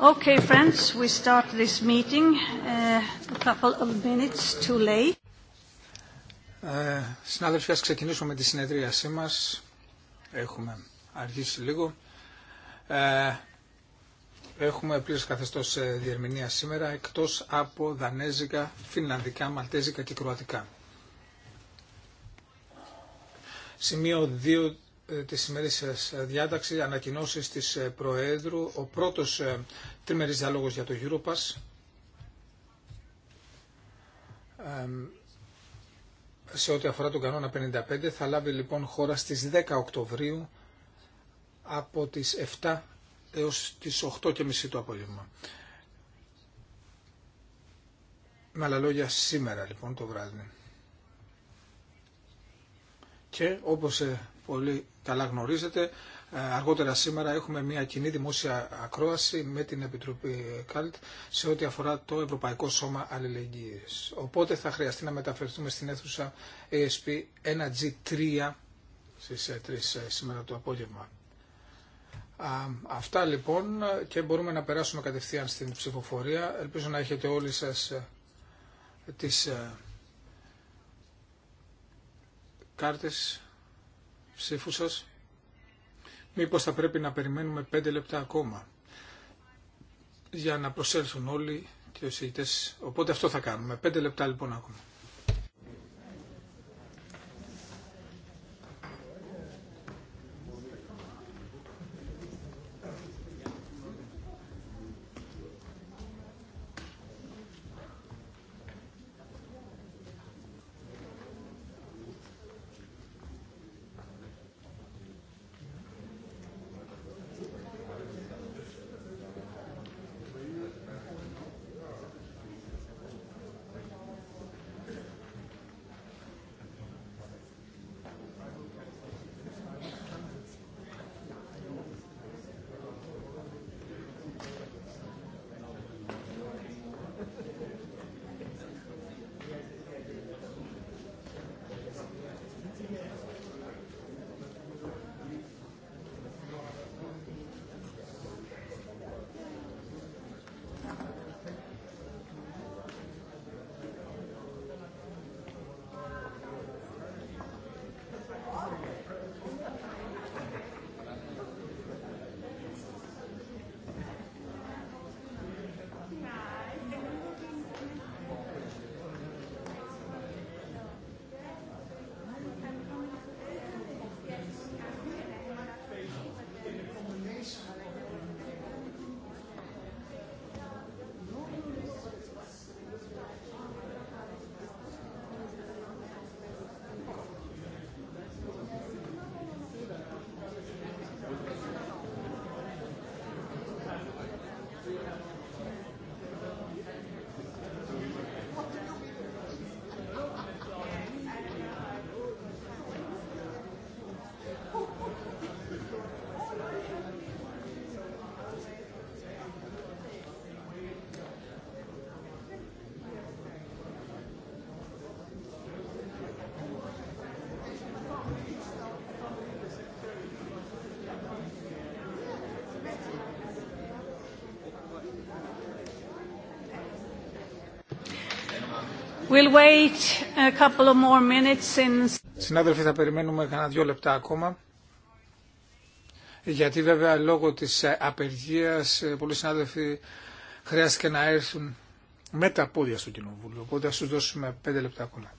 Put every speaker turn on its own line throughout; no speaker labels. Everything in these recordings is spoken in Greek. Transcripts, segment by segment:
Okay, friends, we start this meeting uh, a couple of minutes too late.
Ε, συνάδελφοι, ας ξεκινήσουμε τη συνεδρίασή μας. Έχουμε αργήσει λίγο. Ε, έχουμε πλήρες καθεστώς διερμηνία σήμερα, εκτός από δανέζικα, φινλανδικά, μαλτέζικα και κροατικά. Σημείο 2 ε, της σα διάταξη Ανακοινώσει της ε, Προέδρου. Ο πρώτο ε, τριμερής διάλογος για το Europass σε ό,τι αφορά τον κανόνα 55 θα λάβει λοιπόν χώρα στις 10 Οκτωβρίου από τις 7 έως τις 8.30 το απόγευμα. Με άλλα λόγια σήμερα λοιπόν το βράδυ. Και όπως Πολύ καλά γνωρίζετε. Ε, αργότερα σήμερα έχουμε μια κοινή δημόσια ακρόαση με την Επιτροπή ΚΑΛΤ σε ό,τι αφορά το Ευρωπαϊκό Σώμα Αλληλεγγύης. Οπότε θα χρειαστεί να μεταφερθούμε στην αίθουσα ESP 1G3 στις 3 ε, ε, σήμερα το απόγευμα. Αυτά λοιπόν και μπορούμε να περάσουμε κατευθείαν στην ψηφοφορία. Ελπίζω να έχετε όλοι σας τις κάρτες ψήφου σας. Μήπως θα πρέπει να περιμένουμε πέντε λεπτά ακόμα για να προσέλθουν όλοι και οι Οπότε αυτό θα κάνουμε. Πέντε λεπτά λοιπόν ακόμα.
We'll Συνάδελφοι,
θα περιμένουμε κανένα δύο λεπτά ακόμα. Γιατί βέβαια λόγω της ε, απεργίας ε, πολλοί συνάδελφοι χρειάστηκε να έρθουν με τα πόδια στο κοινοβούλιο. Οπότε θα σου δώσουμε πέντε λεπτά ακόμα.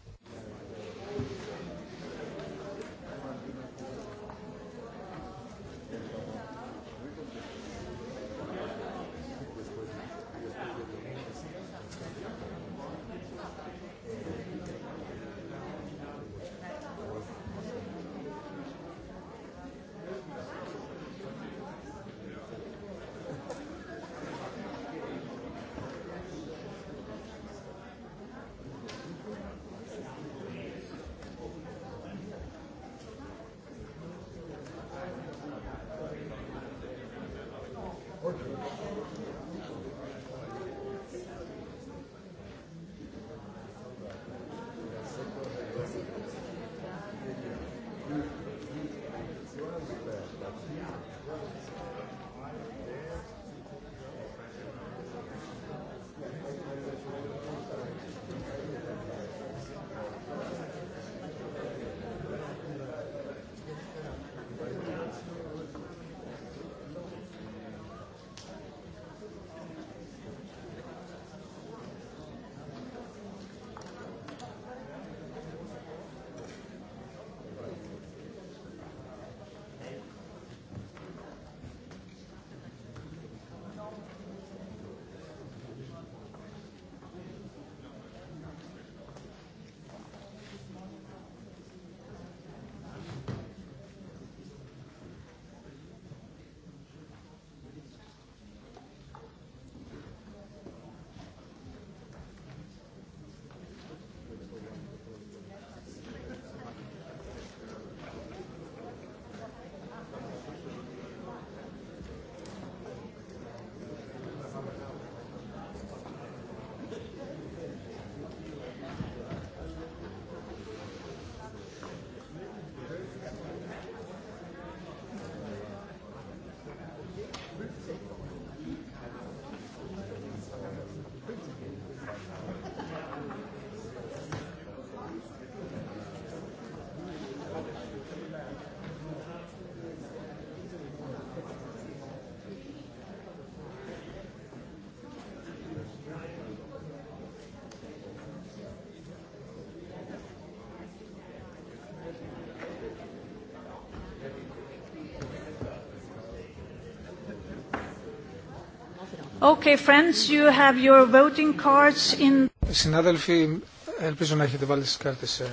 Συνάδελφοι, ελπίζω να έχετε βάλει τις κάρτες ε,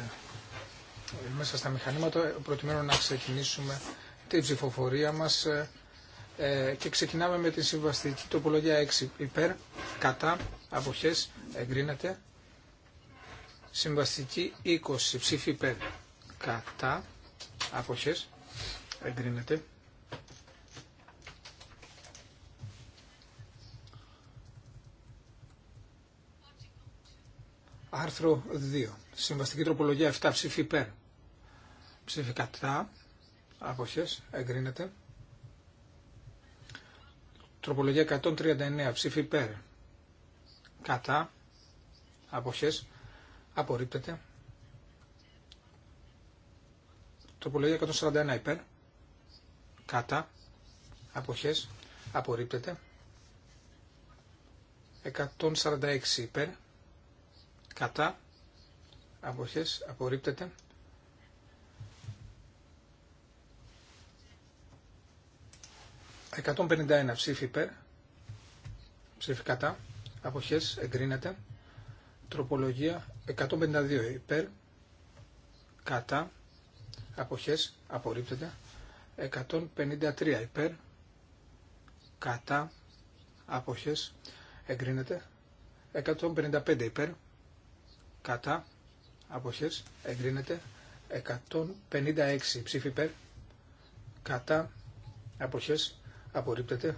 μέσα στα μηχανήματα, προκειμένου να ξεκινήσουμε την ψηφοφορία μας ε, ε, και ξεκινάμε με τη συμβαστική τοπολογία 6 υπέρ, κατά, αποχές, εγκρίνεται. Συμβαστική 20 ψήφι υπέρ, κατά, αποχές, εγκρίνεται. Άρθρο 2. Συμβαστική τροπολογία 7. Ψήφι υπέρ. Ψήφι κατά. Αποχές. Εγκρίνεται. Τροπολογία 139. Ψήφι υπέρ. Κατά. Αποχές. Απορρίπτεται. Τροπολογία 141 υπέρ. Κατά. Αποχές. Απορρίπτεται. 146 υπέρ κατά αποχές απορρίπτεται ...151 ψήφι υπέρ, ψήφι κατά, αποχές εγκρίνεται, τροπολογία 152 υπέρ, κατά, αποχές απορρίπτεται, 153 υπέρ, κατά, αποχές εγκρίνεται, 155 υπέρ, κατά αποχές εγκρίνεται 156 ψήφι υπέρ κατά αποχές απορρίπτεται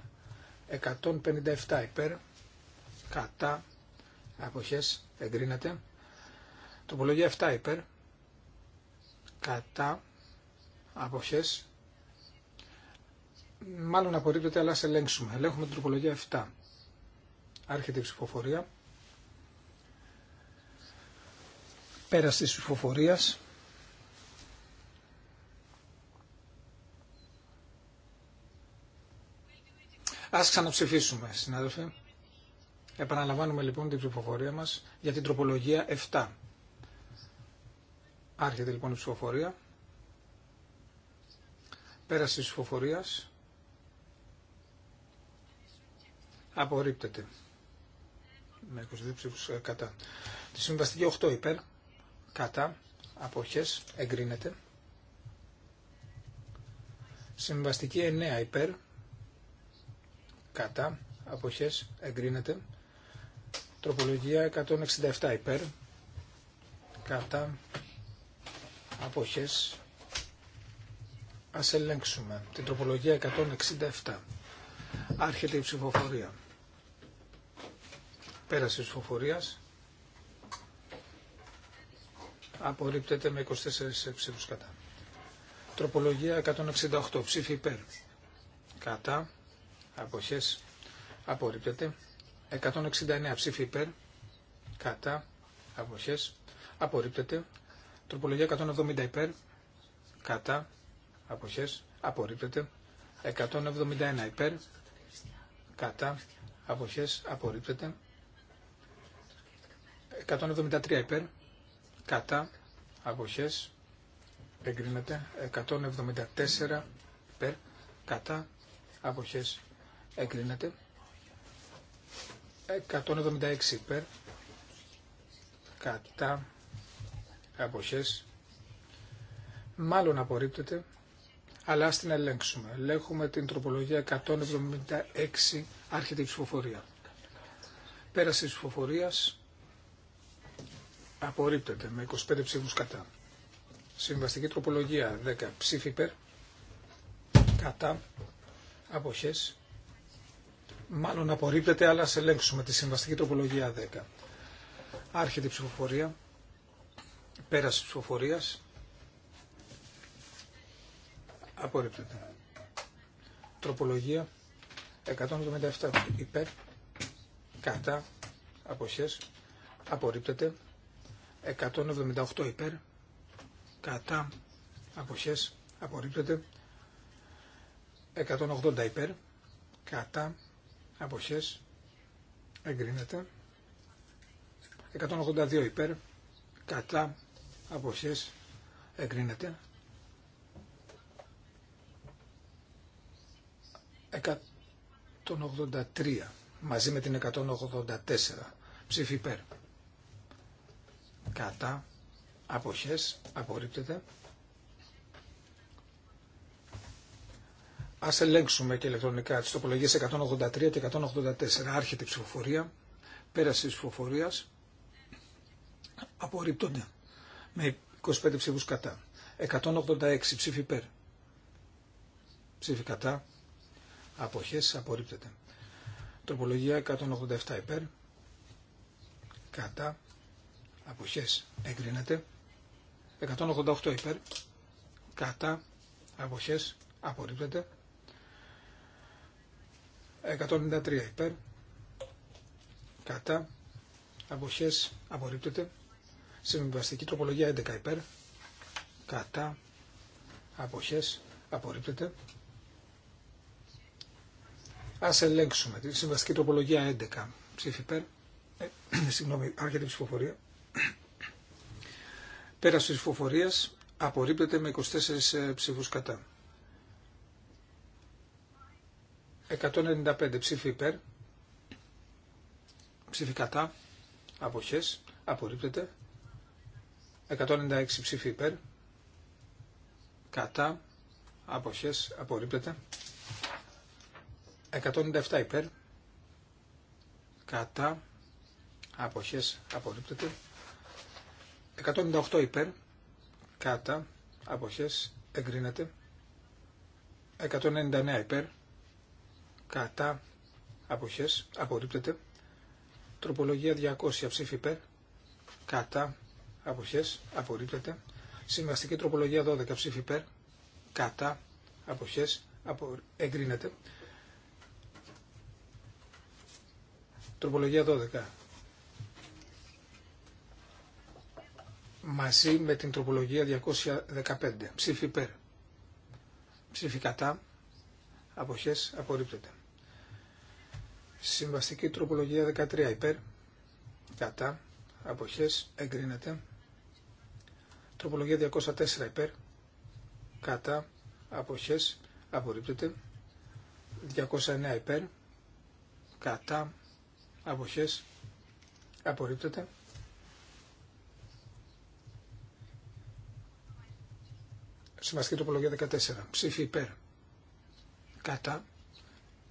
157 υπέρ κατά αποχές εγκρίνεται τοπολογία 7 υπέρ κατά αποχές μάλλον απορρίπτεται αλλά σε ελέγξουμε ελέγχουμε την τροπολογία 7 άρχεται η ψηφοφορία Πέρας της ψηφοφορίας. Ας ξαναψηφίσουμε, συνάδελφοι. Επαναλαμβάνουμε λοιπόν την ψηφοφορία μας για την τροπολογία 7. Άρχεται λοιπόν η ψηφοφορία. Πέραση της ψηφοφορίας. Απορρίπτεται. Με 22 ψήφους ε, κατά. Τη συμβαστική 8 υπέρ κατά αποχές εγκρίνεται. Συμβαστική 9 υπέρ κατά αποχές εγκρίνεται. Τροπολογία 167 υπέρ κατά αποχές ας ελέγξουμε την τροπολογία 167 άρχεται η ψηφοφορία πέραση ψηφοφορίας απορρίπτεται με 24 ψήφους κατά. Τροπολογία 168 ψήφι υπέρ. Κατά. Αποχές. Απορρίπτεται. 169 ψήφι υπέρ. Κατά. Αποχές. Απορρίπτεται. Τροπολογία 170 υπέρ. Κατά. Αποχές. Απορρίπτεται. 171 υπέρ. Κατά. Αποχές. Απορρίπτεται. 173 υπέρ κατά αποχές εγκρίνεται 174 περ κατά αποχές εγκρίνεται 176 περ κατά αποχές μάλλον απορρίπτεται αλλά ας την ελέγξουμε. Ελέγχουμε την τροπολογία 176 άρχεται η ψηφοφορία. Πέραση της ψηφοφορίας Απορρίπτεται με 25 ψήφους κατά. Συμβαστική τροπολογία 10 ψήφι υπέρ. Κατά. Αποχές. Μάλλον απορρίπτεται, αλλά σε ελέγξουμε τη συμβαστική τροπολογία 10. Άρχεται η ψηφοφορία. Πέραση ψηφοφορίας. Απορρίπτεται. Τροπολογία 177 υπέρ. Κατά. Αποχές. Απορρίπτεται. 178 υπέρ, κατά αποχές απορρίπτεται 180 υπέρ, κατά αποχές εγκρίνεται 182 υπέρ, κατά αποχές εγκρίνεται 183 μαζί με την 184 ψήφι υπέρ κατά αποχές απορρίπτεται. Ας ελέγξουμε και ηλεκτρονικά τις τοπολογίες 183 και 184. Άρχεται η ψηφοφορία, πέραση της ψηφοφορίας, απορρίπτονται με 25 ψήφους κατά. 186 ψήφι υπέρ. Ψήφι κατά. Αποχές απορρίπτεται. Τροπολογία 187 υπέρ. Κατά αποχές εγκρίνεται 188 υπέρ κατά αποχές απορρίπτεται 193 υπέρ κατά αποχές απορρίπτεται συμβιβαστική τροπολογία 11 υπέρ κατά αποχές απορρίπτεται Ας ελέγξουμε τη συμβαστική τροπολογία 11 ψήφι υπέρ ε, συγγνώμη άρχεται η ψηφοφορία Πέρα τη ψηφοφορία απορρίπτεται με 24 ε, ψήφους κατά. 195 ψήφοι υπέρ, ψήφοι κατά, αποχές, απορρίπτεται. 196 ψήφοι υπέρ, κατά, αποχές, απορρίπτεται. 197 υπέρ, κατά, αποχές, απορρίπτεται. 198 υπέρ, κατά, αποχές, εγκρίνεται. 199 υπέρ, κατά, αποχές, απορρίπτεται. Τροπολογία 200 ψήφι υπέρ, κατά, αποχές, απορρίπτεται. Συμβαστική τροπολογία 12 ψήφι υπέρ, κατά, αποχές, απο... εγκρίνεται. Τροπολογία 12 μαζί με την τροπολογία 215. Ψήφι υπέρ. Ψήφι κατά. Αποχές απορρίπτεται. Συμβαστική τροπολογία 13 υπέρ. Κατά. Αποχές εγκρίνεται. Τροπολογία 204 υπέρ. Κατά. Αποχές απορρίπτεται. 209 υπέρ. Κατά. Αποχές απορρίπτεται. Συμβαστική τοπολογία 14. Ψήφι υπέρ. Κατά.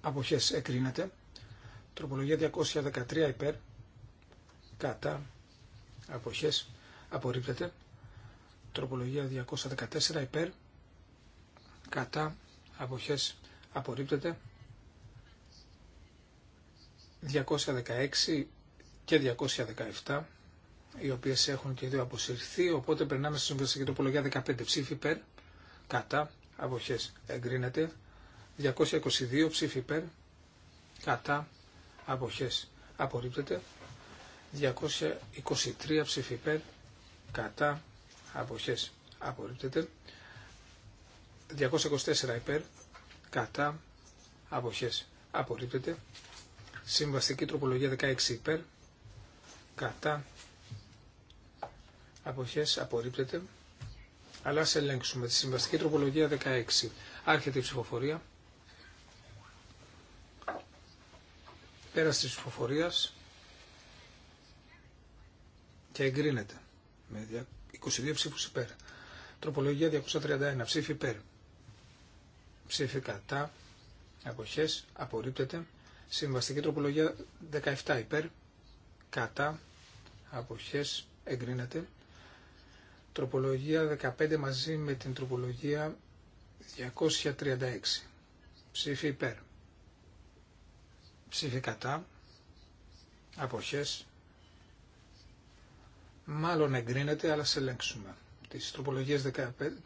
Αποχές εκρίνεται. Τροπολογία 213 υπέρ. Κατά. Αποχές απορρίπτεται. Τροπολογία 214 υπέρ. Κατά. Αποχές απορρίπτεται. 216 και 217 οι οποίε έχουν και δύο αποσυρθεί. Οπότε περνάμε στη συμβαστική τοπολογία 15 ψήφι υπέρ κατά αποχές εγκρίνεται 222 ψήφι υπέρ κατά αποχές απορρίπτεται 223 ψήφι υπέρ κατά αποχές απορρίπτεται 224 υπέρ κατά αποχές απορρίπτεται συμβαστική τροπολογία 16 υπέρ κατά αποχές απορρίπτεται αλλά ας ελέγξουμε τη συμβαστική τροπολογία 16. Άρχεται η ψηφοφορία. Πέρας της ψηφοφορίας και εγκρίνεται με 22 ψήφους υπέρ. Τροπολογία 231. Ψήφι υπέρ. Ψήφι κατά. Αποχές. Απορρίπτεται. Συμβαστική τροπολογία 17 υπέρ. Κατά. Αποχές. Εγκρίνεται. Τροπολογία 15 μαζί με την τροπολογία 236. Ψήφι υπέρ. Ψήφι κατά. Αποχές. Μάλλον εγκρίνεται, αλλά σε ελέγξουμε. Τις τροπολογίες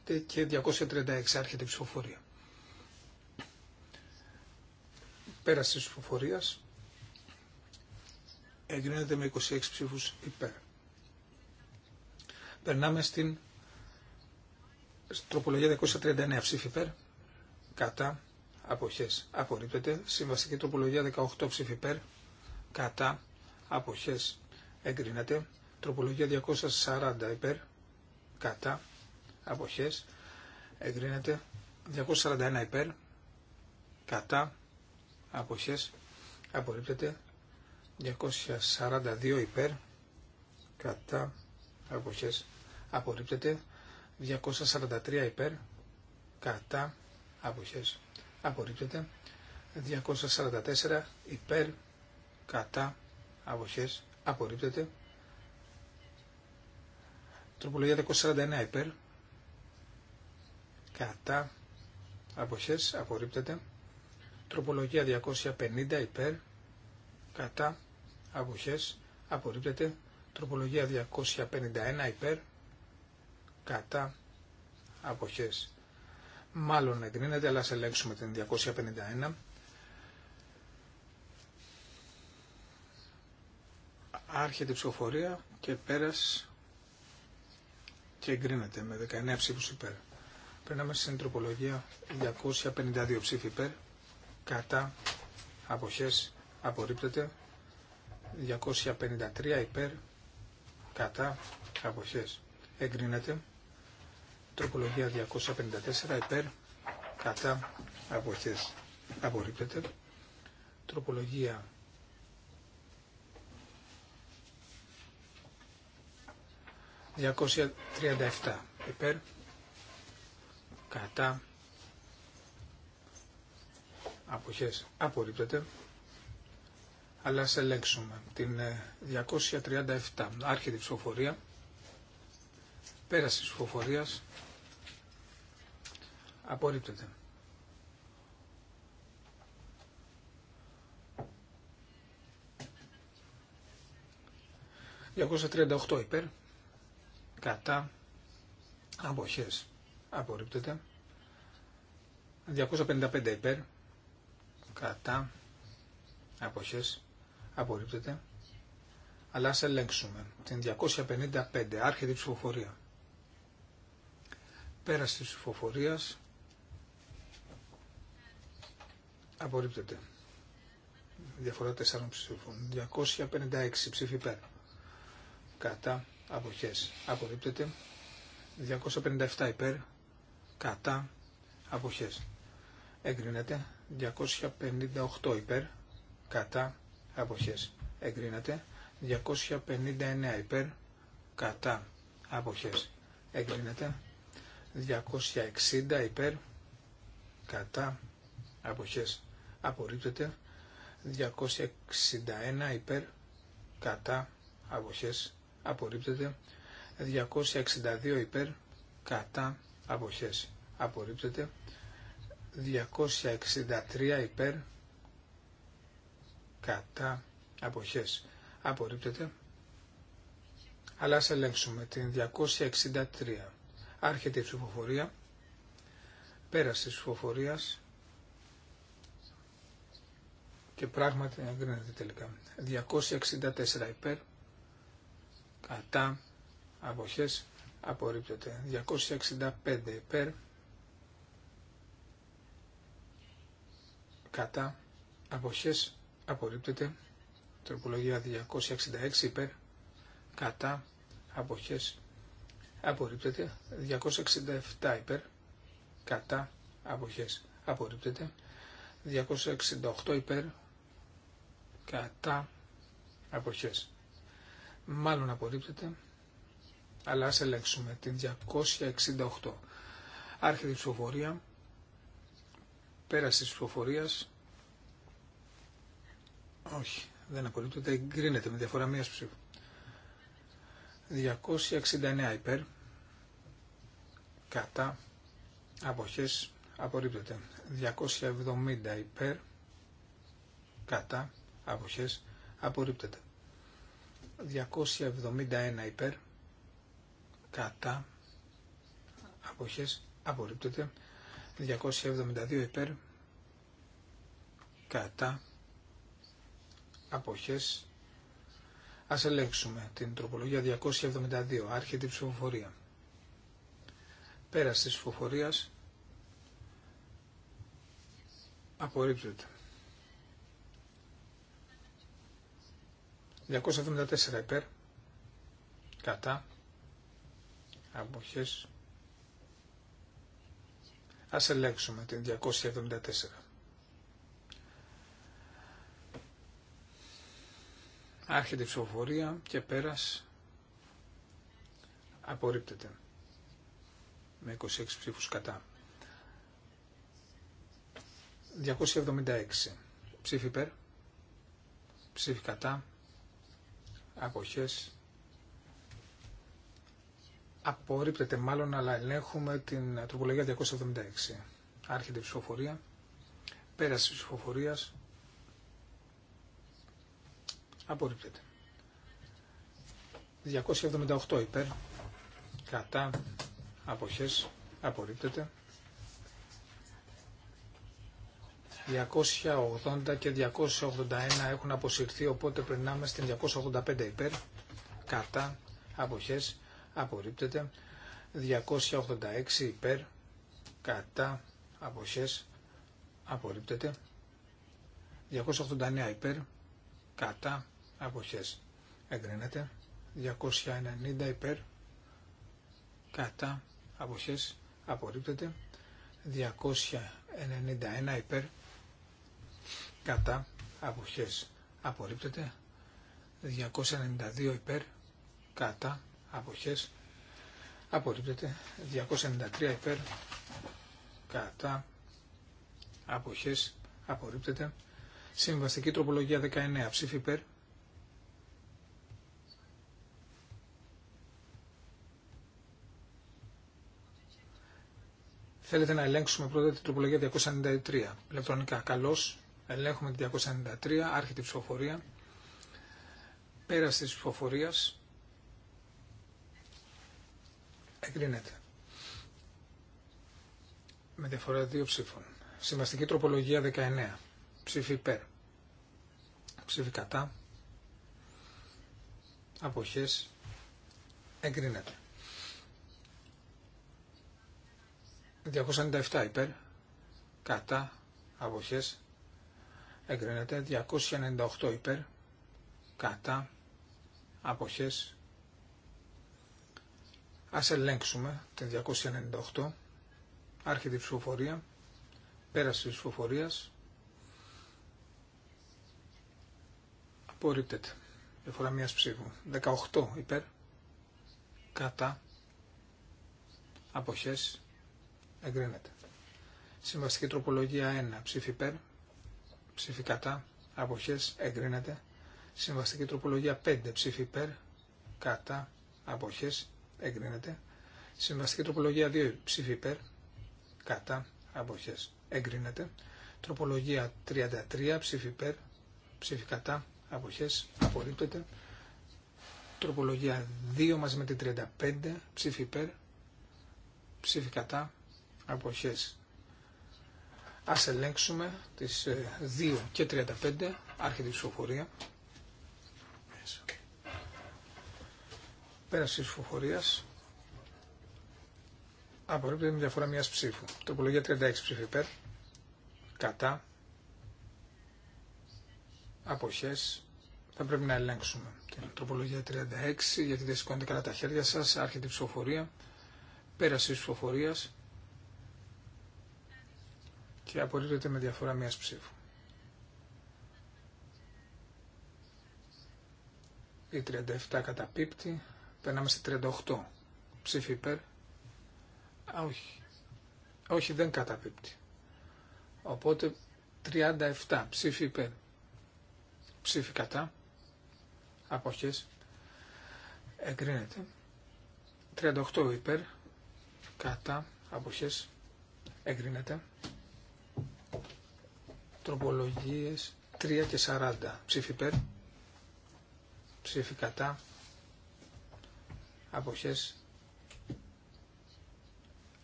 15 και 236 άρχεται η ψηφοφορία. Πέραση της ψηφοφορίας εγκρίνεται με 26 ψήφους υπέρ. Περνάμε στην τροπολογία 239 ψήφι περ, κατά, αποχές, απορρίπτεται. Συμβαστική τροπολογία 18 ψήφι περ, κατά, αποχές, εγκρίνεται. Τροπολογία 240 υπέρ, κατά, αποχές, εγκρίνεται. 241 υπέρ, κατά, αποχές, απορρίπτεται. 242 υπέρ, κατά, αποχές, απορρίπτεται 243 υπέρ κατά αποχές απορρίπτεται 244 υπέρ κατά αποχές απορρίπτεται τροπολογία 241 υπέρ κατά αποχές απορρίπτεται τροπολογία 250 υπέρ κατά αποχές απορρίπτεται τροπολογία 251 υπέρ κατά αποχές μάλλον εγκρίνεται αλλά ας ελέγξουμε την 251 άρχεται η ψηφοφορία και πέρας και εγκρίνεται με 19 ψήφους υπέρ περνάμε στην τροπολογία 252 ψήφοι υπέρ κατά αποχές απορρίπτεται 253 υπέρ κατά αποχές εγκρίνεται Τροπολογία 254 υπέρ κατά αποχές απορρίπτεται. Τροπολογία 237 υπέρ κατά αποχές απορρίπτεται αλλά ας ελέγξουμε την 237 ε, άρχιτη ψηφοφορία πέραση ψηφοφορίας Απορρίπτεται. 238 υπέρ. Κατά. Αποχές. Απορρίπτεται. 255 υπέρ. Κατά. Αποχές. Απορρίπτεται. Αλλά ας ελέγξουμε. Την 255. Άρχεται η ψηφοφορία. Πέραση της ψηφοφορίας. Απορρίπτεται. Διαφορά 4 ψήφων. 256 ψήφοι υπέρ. Κατά. Αποχές. Απορρίπτεται. 257 υπέρ. Κατά. Αποχές. Εγκρίνεται. 258 υπέρ. Κατά. Αποχές. Εγκρίνεται. 259 υπέρ. Κατά. Αποχές. Εγκρίνεται. 260 υπέρ. Κατά. Αποχές απορρίπτεται 261 υπέρ κατά αποχές απορρίπτεται 262 υπέρ κατά αποχές απορρίπτεται 263 υπέρ κατά αποχές απορρίπτεται αλλά ας ελέγξουμε την 263 άρχεται η ψηφοφορία Πέρασε της ψηφοφορίας και πράγματι εγκρίνεται τελικά. 264 υπέρ, κατά, αποχές, απορρίπτεται. 265 υπέρ, κατά, αποχές, απορρίπτεται. Τροπολογία 266 υπέρ, κατά, αποχές, απορρίπτεται. 267 υπέρ, κατά, αποχές, απορρίπτεται. 268 υπέρ, κατά αποχές. Μάλλον απορρίπτεται, αλλά ας ελέγξουμε την 268. Άρχεται η ψηφοφορία, πέραση της ψηφοφορίας, όχι, δεν απορρίπτεται, εγκρίνεται με διαφορά μίας ψήφου. 269 υπέρ, κατά, αποχές, απορρίπτεται. 270 υπέρ, κατά, αποχές απορρίπτεται. 271 υπέρ κατά αποχές απορρίπτεται. 272 υπέρ κατά αποχές Ας ελέγξουμε την τροπολογία 272, άρχεται η ψηφοφορία. Πέρας της ψηφοφορίας απορρίπτεται. 274 υπέρ κατά αποχές ας ελέγξουμε την 274 άρχεται η ψηφοφορία και πέρας απορρίπτεται με 26 ψήφους κατά 276 ψήφι υπέρ ψήφι κατά αποχές απορρίπτεται μάλλον αλλά ελέγχουμε την τροπολογία 276 άρχεται η ψηφοφορία πέραση της ψηφοφορίας απορρίπτεται 278 υπέρ κατά αποχές απορρίπτεται 280 και 281 έχουν αποσυρθεί, οπότε περνάμε στην 285 υπέρ, κατά, αποχές, απορρίπτεται. 286 υπέρ, κατά, αποχές, απορρίπτεται. 289 υπέρ, κατά, αποχές, εγκρίνεται. 290 υπέρ, κατά, αποχές, απορρίπτεται. 291 υπέρ, κατά αποχές απορρίπτεται 292 υπέρ κατά αποχές απορρίπτεται 293 υπέρ κατά αποχές απορρίπτεται συμβαστική τροπολογία 19 ψήφι υπέρ Θέλετε να ελέγξουμε πρώτα την τροπολογία 293. Ηλεκτρονικά. Καλώς. Ελέγχουμε την 293, άρχεται η ψηφοφορία. Πέραση της ψηφοφορίας. Εγκρίνεται. Με διαφορά δύο ψήφων. Συμβαστική τροπολογία 19. Ψήφι υπέρ. Ψήφι κατά. Αποχές. Εγκρίνεται. 297 υπέρ. Κατά. Αποχές εγκρίνεται 298 υπέρ κατά αποχές ας ελέγξουμε την 298 άρχεται η ψηφοφορία πέραση της ψηφοφορίας απορρίπτεται διαφορά μιας ψήφου 18 υπέρ κατά αποχές εγκρίνεται συμβαστική τροπολογία 1 ψήφι υπέρ ψήφι κατά, αποχές εγκρίνεται. Συμβαστική τροπολογία 5 ψήφι υπέρ, κατά, αποχές εγκρίνεται. Συμβαστική τροπολογία 2 ψήφι υπέρ, κατά, αποχές εγκρίνεται. Τροπολογία 33 ψήφι υπέρ, ψήφι κατά, αποχές απορρίπτεται. Τροπολογία 2 μαζί με την 35 ψήφι υπέρ, ψήφι κατά, αποχές Ας ελέγξουμε τις 2 ε, και 35, άρχεται η ψηφοφορία. Πέραση της ψηφοφορίας. με διαφορά μιας ψήφου. Τροπολογία 36 ψήφι υπέρ. Κατά. Αποχές. Θα πρέπει να ελέγξουμε την τροπολογία 36, γιατί δεν σηκώνετε καλά τα χέρια σας. Άρχεται η ψηφοφορία. Πέραση της ψηφοφορίας και απορρίπτεται με διαφορά μια ψήφου. Η 37 καταπίπτει, περνάμε στη 38 ψήφι υπέρ. Α, όχι. Όχι, δεν καταπίπτει. Οπότε 37 ψήφι υπέρ. Ψήφι κατά. Αποχές. Εγκρίνεται. 38 υπέρ. Κατά. Αποχές. Εγκρίνεται τροπολογίες 3 και 40. Ψήφι περ. ψήφι κατά, αποχές,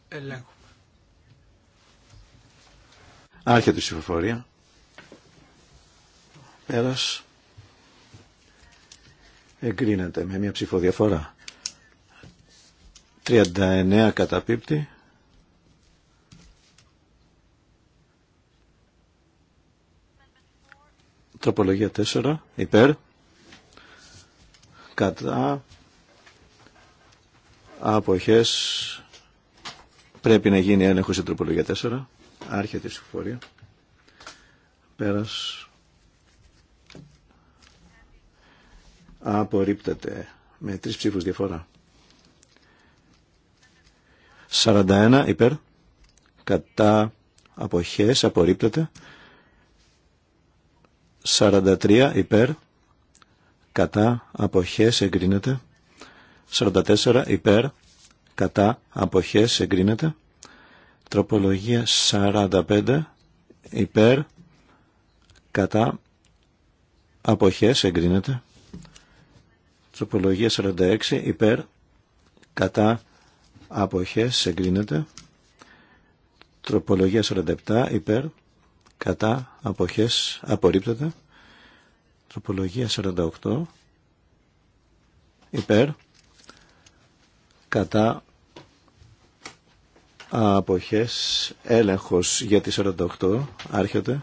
ελέγχουμε.
Άρχεται η ψηφοφορία. Πέρας. Εγκρίνεται με μια ψηφοδιαφορά. 39 καταπίπτει. Τροπολογία 4. Υπέρ. Κατά. Αποχές. Πρέπει να γίνει έλεγχος σε τροπολογία 4. Άρχεται η ψηφοφορία. Πέρας. Απορρίπτεται με τρεις ψήφους διαφορά. 41 υπέρ. Κατά αποχές απορρίπτεται. 43 υπέρ κατά αποχές εγκρίνεται 44 υπέρ κατά αποχές εγκρίνεται τροπολογία 45 υπέρ κατά αποχές εγκρίνεται τροπολογία 46 υπέρ κατά αποχές εγκρίνεται τροπολογία 47 υπέρ κατά αποχές απορρίπτεται τροπολογία 48 υπέρ κατά αποχές έλεγχος για τη 48 άρχεται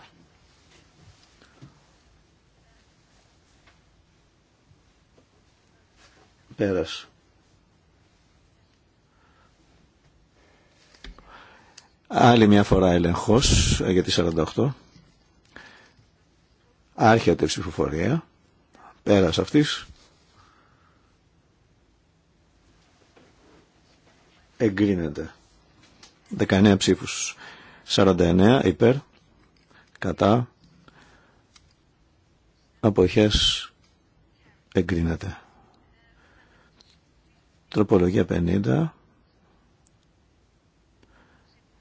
πέρας Άλλη μια φορά ελεγχο ε, για τη 48. Άρχεται η ψηφοφορία. Πέρας αυτής. Εγκρίνεται. 19 ψήφους. 49 υπέρ. Κατά. Αποχές. Εγκρίνεται. Τροπολογία 50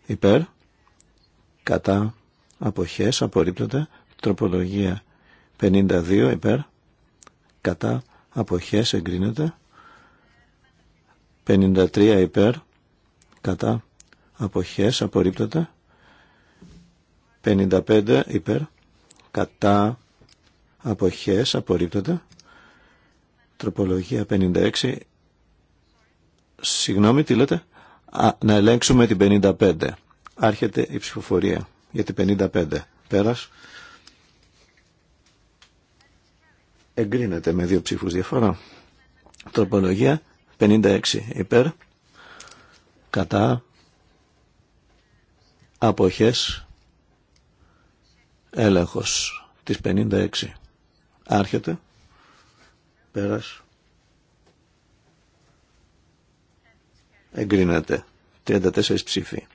υπέρ, κατά, αποχές, απορρίπτονται, τροπολογία 52 υπέρ, κατά, αποχές, εγκρίνεται, 53 υπέρ, κατά, αποχές, απορρίπτονται, 55 υπέρ, κατά, αποχές, απορρίπτονται, τροπολογία 56, συγγνώμη, τι λέτε, να ελέγξουμε την 55. Άρχεται η ψηφοφορία για την 55. Πέρας. Εγκρίνεται με δύο ψήφους διαφορά. Τροπολογία 56 υπέρ. Κατά. Αποχές. Έλεγχος της 56. Άρχεται. Πέρας. εγκρίνεται 34 ψήφοι.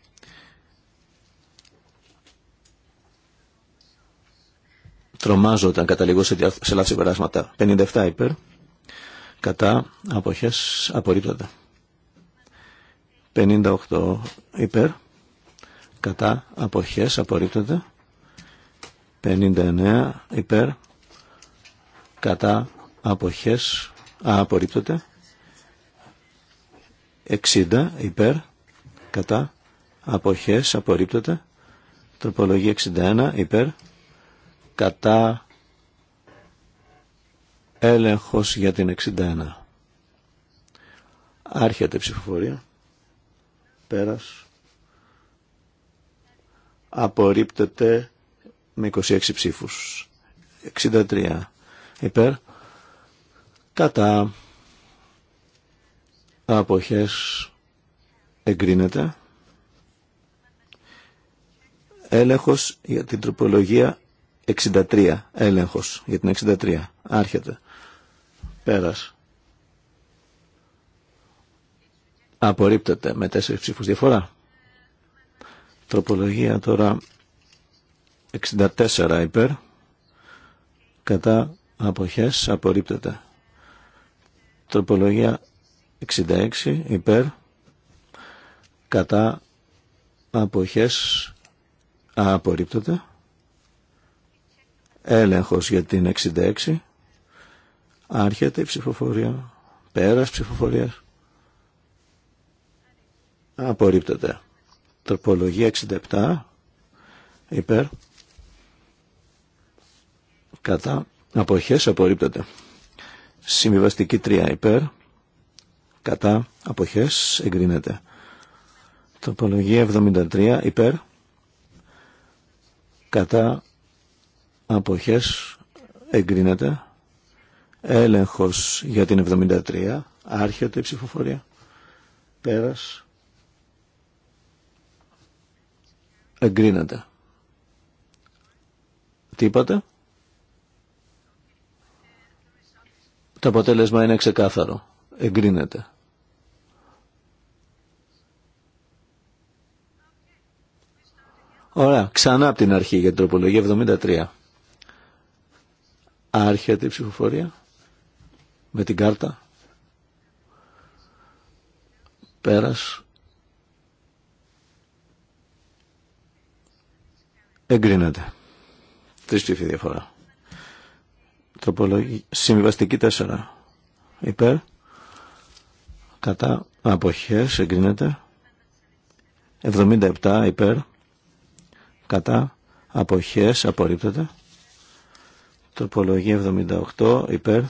Τρομάζω όταν καταλήγω σε, σε λάθη συμπεράσματα. 57 υπέρ, κατά αποχές απορρίπτονται. 58 υπέρ, κατά αποχές απορρίπτονται. 59 υπέρ, κατά αποχές απορρίπτονται. 60 υπέρ κατά αποχές απορρίπτεται τροπολογία 61 υπέρ κατά έλεγχος για την 61 άρχεται η ψηφοφορία πέρας απορρίπτεται με 26 ψήφους 63 υπέρ κατά αποχές εγκρίνεται. Έλεγχος για την τροπολογία 63. Έλεγχος για την 63. Άρχεται. Πέρας. Απορρίπτεται με τέσσερις ψήφους διαφορά. Τροπολογία τώρα 64 υπέρ. Κατά αποχές απορρίπτεται. Τροπολογία 66 υπέρ κατά αποχές απορρίπτονται. έλεγχος για την 66 άρχεται η ψηφοφορία πέρας ψηφοφορίας απορρίπτονται. τροπολογία 67 υπέρ κατά αποχές απορρίπτονται. συμβιβαστική 3 υπέρ κατά αποχές εγκρίνεται. Τοπολογία 73 υπέρ κατά αποχές εγκρίνεται. Έλεγχος για την 73 άρχεται η ψηφοφορία. Πέρας εγκρίνεται. Τι είπατε? Το αποτέλεσμα είναι ξεκάθαρο. Εγκρίνεται. Ωραία, ξανά από την αρχή για την τροπολογία 73. Άρχεται η ψηφοφορία με την κάρτα. Πέρας. Εγκρίνεται. Τρεις ψήφοι διαφορά. Τροπολογία. Συμβιβαστική 4. Υπέρ. Κατά. Αποχές. Εγκρίνεται. 77 υπέρ κατά αποχές απορρίπτεται τροπολογία 78 υπέρ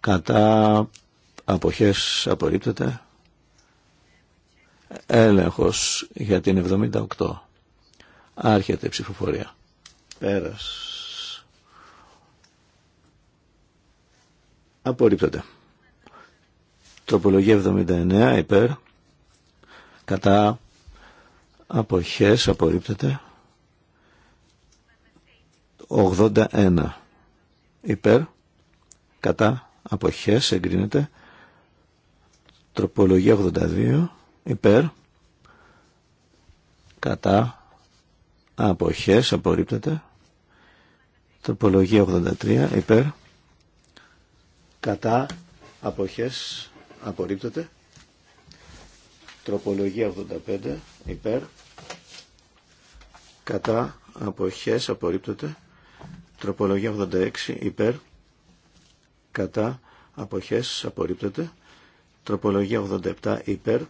κατά αποχές απορρίπτεται έλεγχος για την 78 άρχεται η ψηφοφορία πέρας απορρίπτεται τροπολογία 79 υπέρ κατά Αποχές απορρίπτεται. 81 υπέρ. Κατά. Αποχές εγκρίνεται. Τροπολογία 82 υπέρ. Κατά. Αποχές απορρίπτεται. Τροπολογία 83 υπέρ. Κατά. Αποχές απορρίπτεται. Τροπολογία 85 υπέρ κατά αποχές απορρίπτεται. Τροπολογία 86 υπέρ κατά αποχές απορρίπτεται. Τροπολογία 87 υπέρ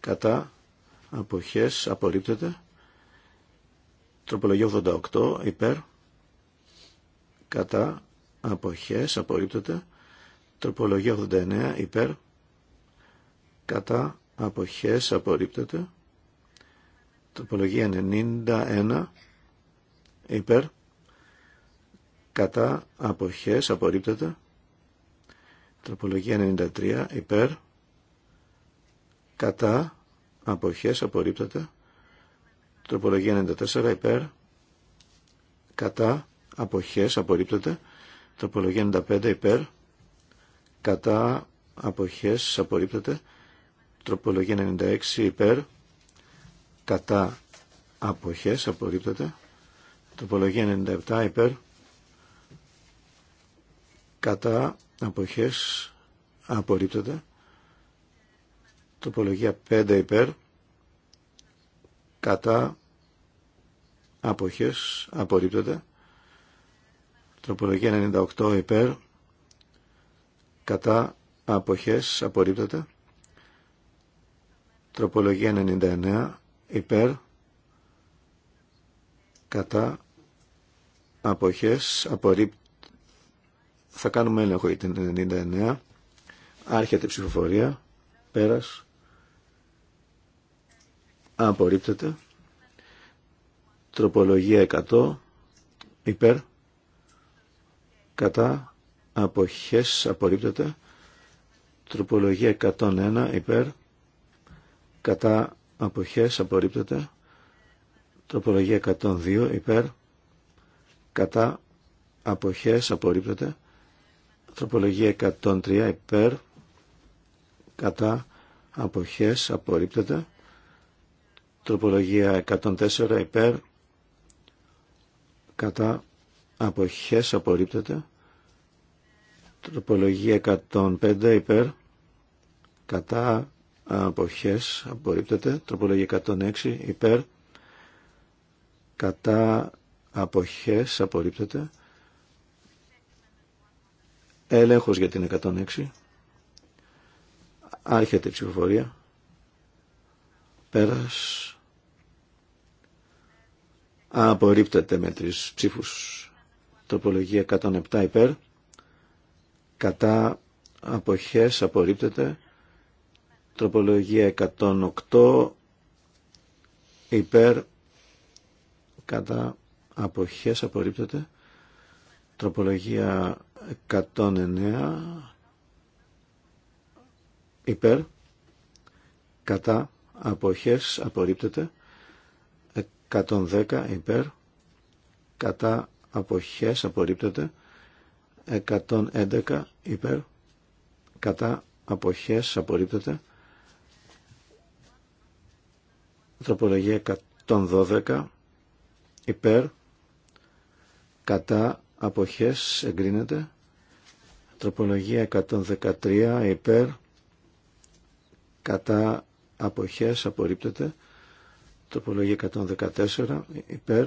κατά αποχές απορρίπτεται. Τροπολογία 88 υπέρ κατά αποχές απορρίπτεται. Τροπολογία 89 υπέρ κατά αποχές απορρίπτεται τοπολογία 91 υπέρ κατά αποχές απορρίπτεται τροπολογία 93 υπέρ κατά αποχές απορρίπτεται τροπολογία 94 υπέρ κατά αποχές απορρίπτεται τροπολογία 95 υπέρ κατά αποχές απορρίπτεται Τροπολογία 96 υπέρ κατά αποχές απορρίπτεται. Τροπολογία 97 υπέρ κατά αποχές απορρίπτεται. Τροπολογία 5 υπέρ κατά αποχές απορρίπτεται. Τροπολογία 98 υπέρ κατά αποχές απορρίπτεται. Τροπολογία 99 υπέρ κατά αποχές απορρίπ, Θα κάνουμε έλεγχο για την 99. Άρχεται η ψηφοφορία. Πέρας. Απορρίπτεται. Τροπολογία 100 υπέρ κατά αποχές απορρίπτεται. Τροπολογία 101 υπέρ κατά αποχές απορρίπτεται τροπολογία 102 υπέρ κατά αποχές απορρίπτεται τροπολογία 103 υπέρ κατά αποχές απορρίπτεται τροπολογία 104 υπέρ κατά αποχές απορρίπτεται τροπολογία 105 υπέρ κατά αποχές απορρίπτεται τροπολογία 106 υπέρ κατά αποχές απορρίπτεται έλεγχος για την 106 άρχεται η ψηφοφορία πέρας απορρίπτεται με τρεις ψήφους τροπολογία 107 υπέρ κατά αποχές απορρίπτεται Τροπολογία 108 υπέρ κατά αποχές απορρίπτεται. Τροπολογία 109 υπέρ κατά αποχές απορρίπτεται. 110 υπέρ κατά αποχές απορρίπτεται 111 υπέρ κατά αποχές απορρίπτεται Τροπολογία 112 υπέρ κατά αποχές εγκρίνεται. Τροπολογία 113 υπέρ κατά αποχές απορρίπτεται. Τροπολογία 114 υπέρ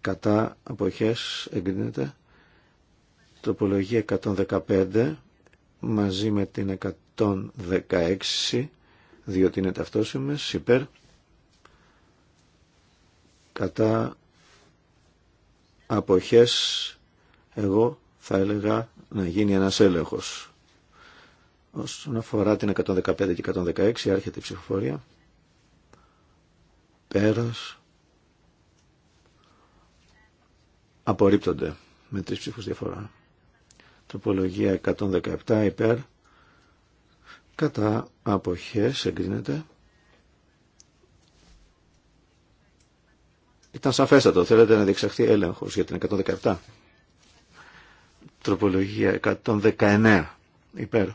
κατά αποχές εγκρίνεται. Τροπολογία 115 μαζί με την 116 διότι είναι ταυτόσιμες, υπέρ, κατά αποχές, εγώ θα έλεγα να γίνει ένας έλεγχος. Όσον αφορά την 115 και 116, άρχεται η ψηφοφορία. Πέρας. Απορρίπτονται με τρεις ψήφους διαφορά. Τροπολογία 117 υπέρ κατά αποχές εγκρίνεται Ήταν σαφέστατο, θέλετε να διεξαχθεί έλεγχος για την 117. Τροπολογία 119 υπέρ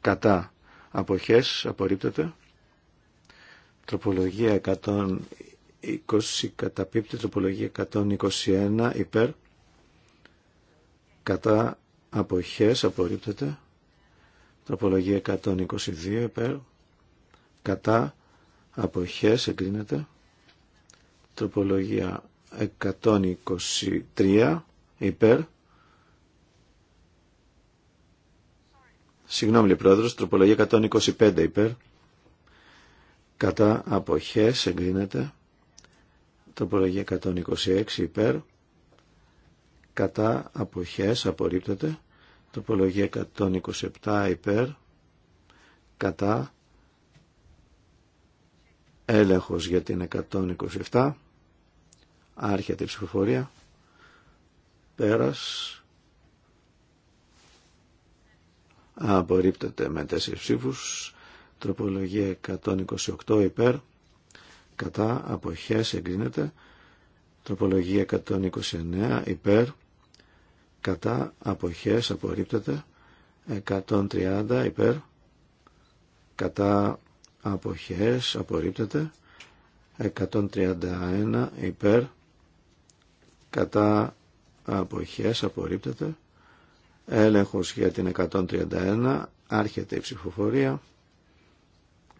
κατά αποχές απορρίπτεται. Τροπολογία 120 καταπίπτει, τροπολογία 121 υπέρ κατά αποχές απορρίπτεται. Τροπολογία 122 υπέρ. Κατά. Αποχές εγκρίνεται. Τροπολογία 123 υπέρ. Συγγνώμη, λέει πρόεδρος, τροπολογία 125 υπέρ. Κατά αποχές εγκρίνεται. Τροπολογία 126 υπέρ. Κατά αποχές απορρίπτεται. Τροπολογία 127 υπέρ. Κατά. Έλεγχος για την 127. Άρχεται η ψηφοφορία. Πέρας. Απορρίπτεται με 4 ψήφους. Τροπολογία 128 υπέρ. Κατά. Αποχές εγκρίνεται. Τροπολογία 129 υπέρ κατά αποχές απορρίπτεται 130 υπέρ κατά αποχές απορρίπτεται 131 υπέρ κατά αποχές απορρίπτεται έλεγχος για την 131 άρχεται η ψηφοφορία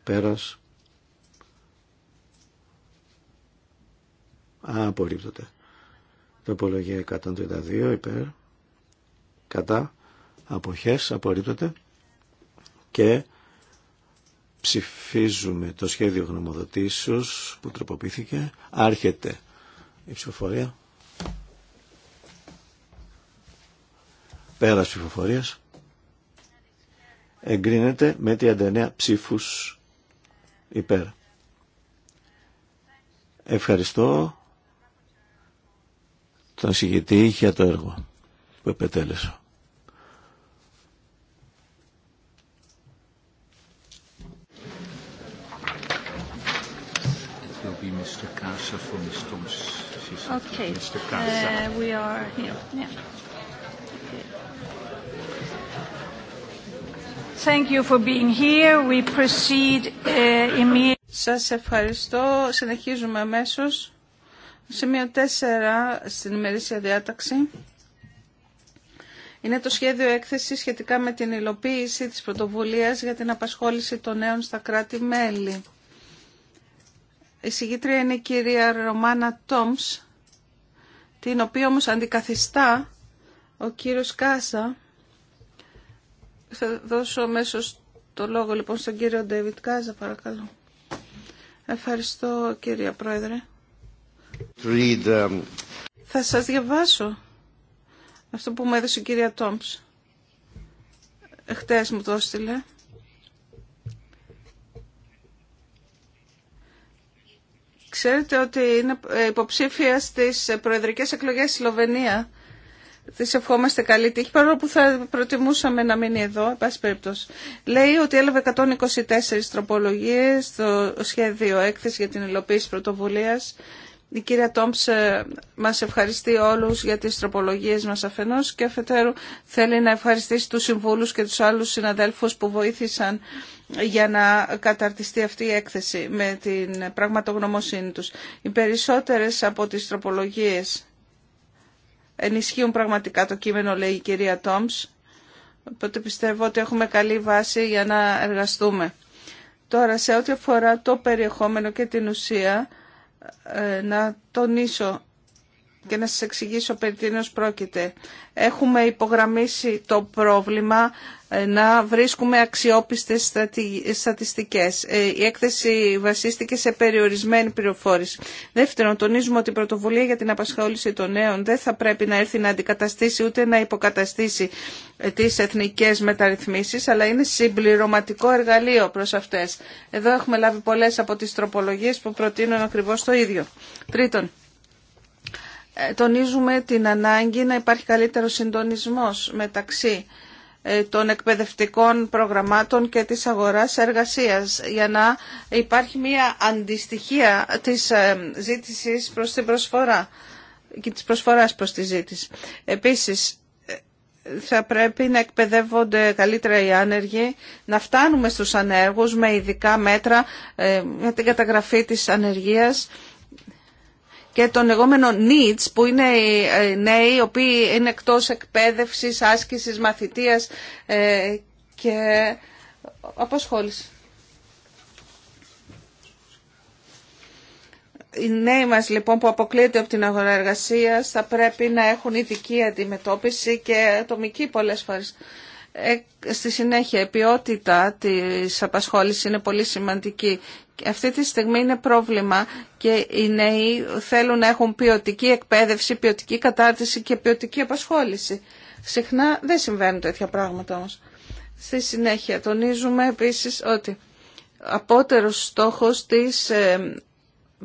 πέρας απορρίπτεται Τοπολογία 132 υπέρ κατά αποχές απορρίπτεται και ψηφίζουμε το σχέδιο γνωμοδοτήσεως που τροποποιήθηκε. Άρχεται η ψηφοφορία. Πέρας ψηφοφορίας. Εγκρίνεται με 39 ψήφους υπέρ. Ευχαριστώ τον συγητή για το έργο που επετέλεσε.
Σας ευχαριστώ. Συνεχίζουμε αμέσως. Σημείο 4 στην ημερήσια διάταξη. Είναι το σχέδιο έκθεση σχετικά με την υλοποίηση της πρωτοβουλίας για την απασχόληση των νέων στα κράτη-μέλη. Η συγγήτρια είναι η κυρία Ρωμάνα Τόμς, την οποία όμως αντικαθιστά ο κύριος Κάσα. Θα δώσω μέσω το λόγο λοιπόν στον κύριο Ντέιβιτ Κάζα, παρακαλώ. Ευχαριστώ κύρια Πρόεδρε.
Um,
Θα σας διαβάσω αυτό που μου έδωσε η κυρία Τόμς. Χτες μου το έστειλε. Ξέρετε ότι είναι ε, υποψήφια στις ε, προεδρικές εκλογές στη Σλοβενία. Τη ευχόμαστε καλή τύχη, παρόλο που θα προτιμούσαμε να μείνει εδώ, εν πάση περιπτώσει. Λέει ότι έλαβε 124 τροπολογίε στο σχέδιο έκθεση για την υλοποίηση πρωτοβουλία η κυρία Τόμψ ε, μας ευχαριστεί όλους για τις τροπολογίες μας αφενός και αφετέρου θέλει να ευχαριστήσει τους συμβούλους και τους άλλους συναδέλφους που βοήθησαν για να καταρτιστεί αυτή η έκθεση με την πραγματογνωμοσύνη τους. Οι περισσότερες από τις τροπολογίες ενισχύουν πραγματικά το κείμενο, λέει η κυρία Τόμψ, οπότε πιστεύω ότι έχουμε καλή βάση για να εργαστούμε. Τώρα, σε ό,τι αφορά το περιεχόμενο και την ουσία, ε, να τονίσω και να σας εξηγήσω περί πρόκειται. Έχουμε υπογραμμίσει το πρόβλημα ε, να βρίσκουμε αξιόπιστες στατιστικές. Ε, η έκθεση βασίστηκε σε περιορισμένη πληροφόρηση. Δεύτερον, τονίζουμε ότι η πρωτοβουλία για την απασχόληση των νέων δεν θα πρέπει να έρθει να αντικαταστήσει ούτε να υποκαταστήσει ε, τις εθνικές μεταρρυθμίσεις, αλλά είναι συμπληρωματικό εργαλείο προς αυτές. Εδώ έχουμε λάβει πολλές από τις τροπολογίες που προτείνουν ακριβώς το ίδιο. Τρίτον, τονίζουμε την ανάγκη να υπάρχει καλύτερο συντονισμός μεταξύ ε, των εκπαιδευτικών προγραμμάτων και της αγοράς εργασίας για να υπάρχει μια αντιστοιχία της ε, ζήτησης προς την προσφορά και της προσφοράς προς τη ζήτηση. Επίσης, ε, θα πρέπει να εκπαιδεύονται καλύτερα οι άνεργοι, να φτάνουμε στους ανέργους με ειδικά μέτρα για την καταγραφή της ανεργίας και τον λεγόμενο needs που είναι οι ε, νέοι οι οποίοι είναι εκτός εκπαίδευσης, άσκησης, μαθητείας ε, και απασχόληση. Οι νέοι μας λοιπόν που αποκλείεται από την αγορά εργασίας θα πρέπει να έχουν ειδική αντιμετώπιση και ατομική πολλές φορές. Ε, στη συνέχεια, η ποιότητα της απασχόλησης είναι πολύ σημαντική. Αυτή τη στιγμή είναι πρόβλημα και οι νέοι θέλουν να έχουν ποιοτική εκπαίδευση, ποιοτική κατάρτιση και ποιοτική απασχόληση. Συχνά δεν συμβαίνουν τέτοια πράγματα όμως. Στη συνέχεια, τονίζουμε επίσης ότι απότερος στόχος της ε,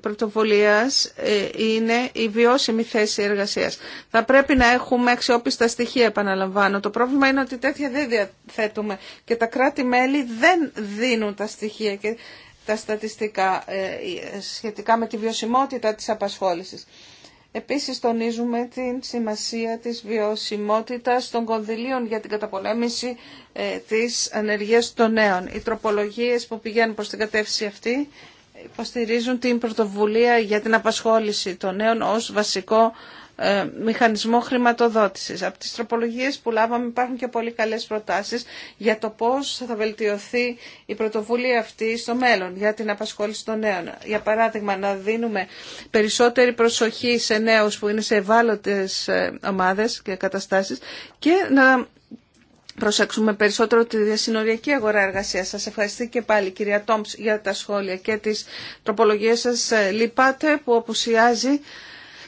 πρωτοβουλίας ε, είναι η βιώσιμη θέση εργασίας. Θα πρέπει να έχουμε αξιόπιστα στοιχεία, επαναλαμβάνω. Το πρόβλημα είναι ότι τέτοια δεν διαθέτουμε και τα κράτη-μέλη δεν δίνουν τα στοιχεία και τα στατιστικά ε, σχετικά με τη βιωσιμότητα της απασχόλησης. Επίσης τονίζουμε την σημασία της βιωσιμότητας των κονδυλίων για την καταπολέμηση ε, της ανεργίας των νέων. Οι τροπολογίες που πηγαίνουν προς την κατεύθυνση αυτή υποστηρίζουν την πρωτοβουλία για την απασχόληση των νέων ως βασικό ε, μηχανισμό χρηματοδότησης. Από τις τροπολογίες που λάβαμε υπάρχουν και πολύ καλές προτάσεις για το πώς θα βελτιωθεί η πρωτοβουλία αυτή στο μέλλον για την απασχόληση των νέων. Για παράδειγμα, να δίνουμε περισσότερη προσοχή σε νέους που είναι σε ευάλωτες ε, ομάδες και καταστάσεις και να προσέξουμε περισσότερο τη διασυνοριακή αγορά εργασία. Σα ευχαριστώ και πάλι κυρία Τόμψ για τα σχόλια και τι τροπολογίε, σα ε, Λυπάτε που απουσιάζει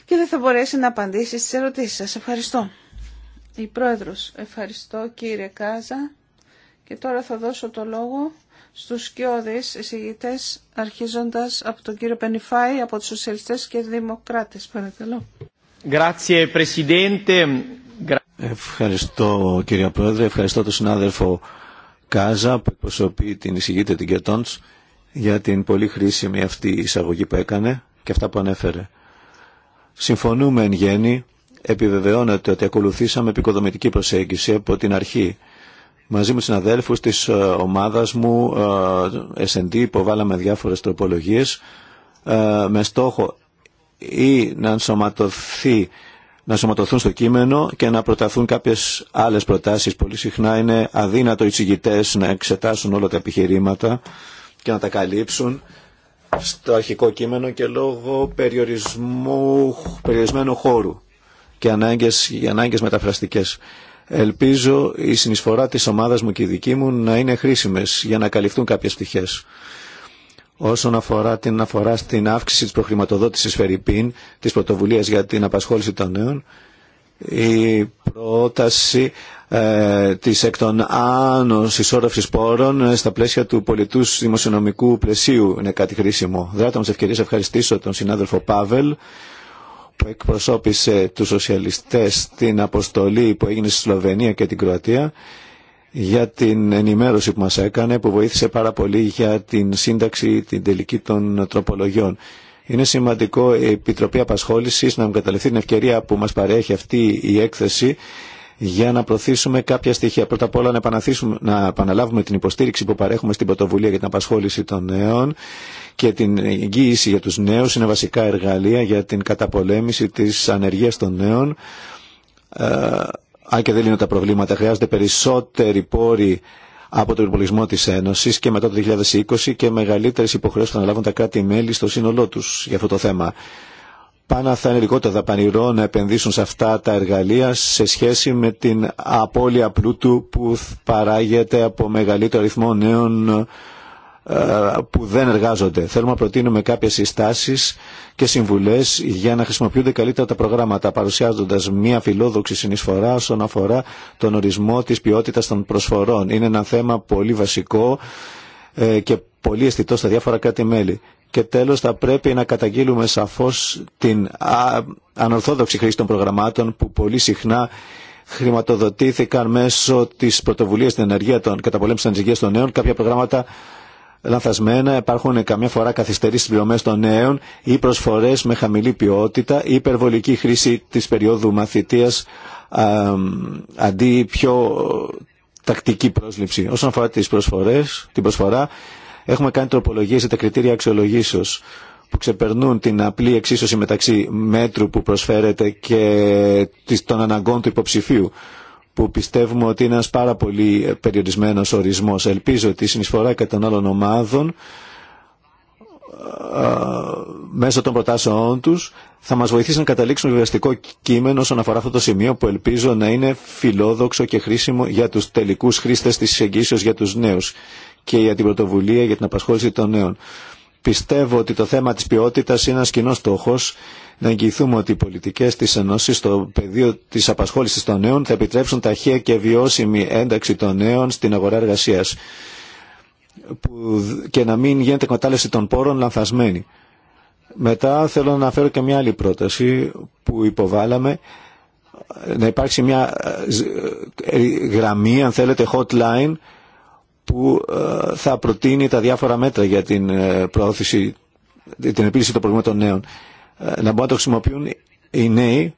και δεν θα μπορέσει να απαντήσει στι ερωτήσει, σα Ευχαριστώ. Η πρόεδρο, ευχαριστώ κύριε Κάζα. Και τώρα θα δώσω το λόγο στους σκιώδεις εισηγητές, αρχίζοντας από τον κύριο Πενιφάη, από τους Σοσιαλιστές και Δημοκράτες. Παρακαλώ.
Ευχαριστώ κύριε Πρόεδρε, ευχαριστώ τον συνάδελφο Κάζα που προσωπεί την εισηγήτρια την Κετόντς για την πολύ χρήσιμη αυτή εισαγωγή που έκανε και αυτά που ανέφερε. Συμφωνούμε εν γέννη, επιβεβαιώνεται ότι ακολουθήσαμε επικοδομητική προσέγγιση από την αρχή. Μαζί με συναδέλφους της ε, ομάδας μου ε, S&D υποβάλαμε διάφορες τροπολογίες ε, με στόχο ή να ενσωματωθεί να σωματωθούν στο κείμενο και να προταθούν κάποιες άλλες προτάσεις. Πολύ συχνά είναι αδύνατο οι τσιγητές να εξετάσουν όλα τα επιχειρήματα και να τα καλύψουν στο αρχικό κείμενο και λόγω περιορισμού, περιορισμένου χώρου και ανάγκες, ανάγκες μεταφραστικές. Ελπίζω η συνεισφορά της ομάδας μου και η δική μου να είναι χρήσιμες για να καλυφθούν κάποιες πτυχές όσον αφορά την αφορά στην αύξηση της προχρηματοδότησης Φερρυπίν, της πρωτοβουλίας για την απασχόληση των νέων, η πρόταση ε, της εκ των άνω συσσόρευσης πόρων ε, στα πλαίσια του πολιτού δημοσιονομικού πλαισίου είναι κάτι χρήσιμο. Δράτω μας ευκαιρίες ευχαριστήσω τον συνάδελφο Πάβελ που εκπροσώπησε τους σοσιαλιστές στην αποστολή που έγινε στη Σλοβενία και την Κροατία για την ενημέρωση που μας έκανε, που βοήθησε πάρα πολύ για την σύνταξη, την τελική των τροπολογιών. Είναι σημαντικό η Επιτροπή Απασχόλησης να καταληφθεί την ευκαιρία που μας παρέχει αυτή η έκθεση για να προωθήσουμε κάποια στοιχεία. Πρώτα απ' όλα να, να επαναλάβουμε την υποστήριξη που παρέχουμε στην πρωτοβουλία για την απασχόληση των νέων και την εγγύηση για τους νέους είναι βασικά εργαλεία για την καταπολέμηση της ανεργίας των νέων ε, αν και δεν λύνουν τα προβλήματα, χρειάζονται περισσότεροι πόροι από τον υπολογισμό της Ένωσης και μετά το 2020 και μεγαλύτερες υποχρεώσεις που αναλάβουν τα κράτη-μέλη στο σύνολό τους για αυτό το θέμα. Πάνω θα είναι λιγότερο δαπανηρό να επενδύσουν σε αυτά τα εργαλεία σε σχέση με την απώλεια πλούτου που παράγεται από μεγαλύτερο αριθμό νέων που δεν εργάζονται. Θέλουμε να προτείνουμε κάποιες συστάσεις και συμβουλές για να χρησιμοποιούνται καλύτερα τα προγράμματα, παρουσιάζοντας μια φιλόδοξη συνεισφορά όσον αφορά τον ορισμό της ποιότητας των προσφορών. Είναι ένα θέμα πολύ βασικό ε, και πολύ αισθητό στα διάφορα κράτη-μέλη. Και τέλος θα πρέπει να καταγγείλουμε σαφώς την ανορθόδοξη χρήση των προγραμμάτων που πολύ συχνά χρηματοδοτήθηκαν μέσω της πρωτοβουλίας στην ενεργεία των καταπολέμησης της των νέων. Κάποια προγράμματα λανθασμένα, υπάρχουν καμιά φορά καθυστερήσεις στι πληρωμέ των νέων ή προσφορές με χαμηλή ποιότητα ή υπερβολική χρήση της περίοδου μαθητείας αντί πιο τακτική πρόσληψη. Όσον αφορά τι προσφορές, την προσφορά, έχουμε κάνει τροπολογίε για τα κριτήρια αξιολογήσεως που ξεπερνούν την απλή εξίσωση μεταξύ μέτρου που προσφέρεται και των αναγκών του υποψηφίου που πιστεύουμε ότι είναι ένας πάρα πολύ περιορισμένος ορισμός. Ελπίζω ότι η συνεισφορά κατά των άλλων ομάδων ε, μέσω των προτάσεών τους θα μας βοηθήσει να καταλήξουμε βιβαστικό κείμενο όσον αφορά αυτό το σημείο που ελπίζω να είναι φιλόδοξο και χρήσιμο για τους τελικούς χρήστες της εγγύσεως για τους νέους και για την πρωτοβουλία για την απασχόληση των νέων. Πιστεύω ότι το θέμα της ποιότητας είναι ένας κοινός στόχος να εγγυηθούμε ότι οι πολιτικές της Ενώσης στο πεδίο της απασχόλησης των νέων θα επιτρέψουν ταχεία και βιώσιμη ένταξη των νέων στην αγορά εργασίας και να μην γίνεται εκμετάλλευση των πόρων λανθασμένη. Μετά θέλω να αναφέρω και μια άλλη πρόταση που υποβάλαμε να υπάρξει μια ε, γραμμή, αν θέλετε, hotline που ε, θα προτείνει τα διάφορα μέτρα για την ε, προώθηση, την επίλυση των προβλημάτων νέων. Ε, να μπορούν να το χρησιμοποιούν οι νέοι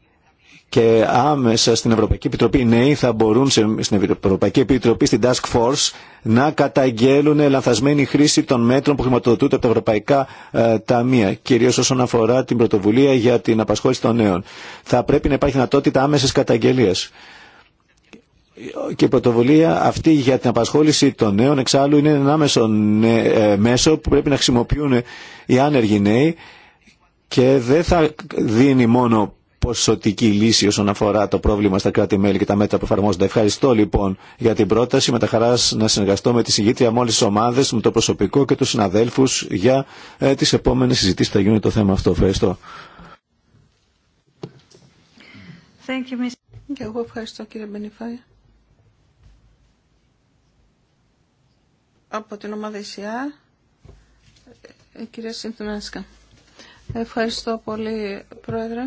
και άμεσα στην Ευρωπαϊκή Επιτροπή οι νέοι θα μπορούν στην Ευρωπαϊκή Επιτροπή, στην Task Force, να καταγγέλουν λανθασμένη χρήση των μέτρων που χρηματοδοτούνται από τα ευρωπαϊκά ε, ταμεία, κυρίως όσον αφορά την πρωτοβουλία για την απασχόληση των νέων. Θα πρέπει να υπάρχει δυνατότητα άμεσης καταγγελίας. Και η πρωτοβουλία αυτή για την απασχόληση των νέων εξάλλου είναι ένα άμεσο ε, μέσο που πρέπει να χρησιμοποιούν οι άνεργοι νέοι και δεν θα δίνει μόνο ποσοτική λύση όσον αφορά το πρόβλημα στα κράτη-μέλη και τα μέτρα που εφαρμόζονται. Ευχαριστώ λοιπόν για την πρόταση. Με τα χαρά να συνεργαστώ με τη συγκήτρια με όλε τι ομάδε, με το προσωπικό και του συναδέλφου για ε, τι επόμενε συζητήσει που θα γίνουν το θέμα αυτό. Ευχαριστώ.
και εγώ ευχαριστώ κύριε Μπενιφάη. Από την ομάδα η κυρία Ευχαριστώ πολύ, Πρόεδρε.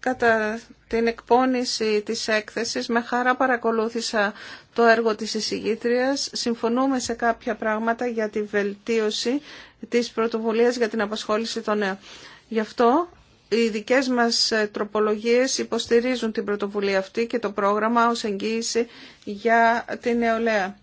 Κατά την εκπόνηση της έκθεσης, με χαρά παρακολούθησα το έργο της εισηγήτριας. Συμφωνούμε σε κάποια πράγματα για τη βελτίωση της πρωτοβουλίας για την απασχόληση των νέων. Γι' αυτό οι δικές μας τροπολογίες υποστηρίζουν την πρωτοβουλία αυτή και το πρόγραμμα ως εγγύηση για την νεολαία.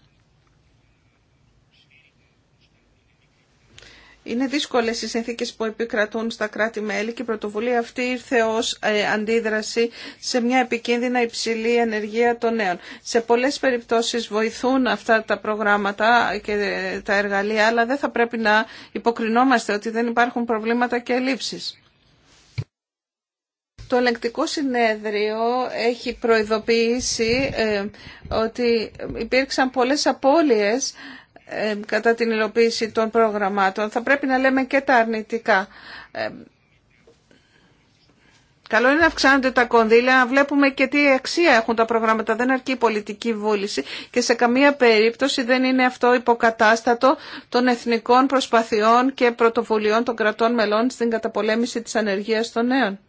Είναι δύσκολες οι συνθήκες που επικρατούν στα κράτη-μέλη και η πρωτοβουλία αυτή ήρθε ως ε, αντίδραση σε μια επικίνδυνα υψηλή ενεργεία των νέων. Σε πολλές περιπτώσεις βοηθούν αυτά τα προγράμματα και ε, τα εργαλεία, αλλά δεν θα πρέπει να υποκρινόμαστε ότι δεν υπάρχουν προβλήματα και ελλείψει. Το ελεγκτικό συνέδριο έχει προειδοποιήσει ε, ότι υπήρξαν πολλές απώλειες κατά την υλοποίηση των προγραμμάτων. Θα πρέπει να λέμε και τα αρνητικά. Καλό είναι να αυξάνονται τα κονδύλια, να βλέπουμε και τι αξία έχουν τα προγράμματα. Δεν αρκεί η πολιτική βούληση και σε καμία περίπτωση δεν είναι αυτό υποκατάστατο των εθνικών προσπαθειών και πρωτοβουλειών των κρατών μελών στην καταπολέμηση της ανεργίας των νέων.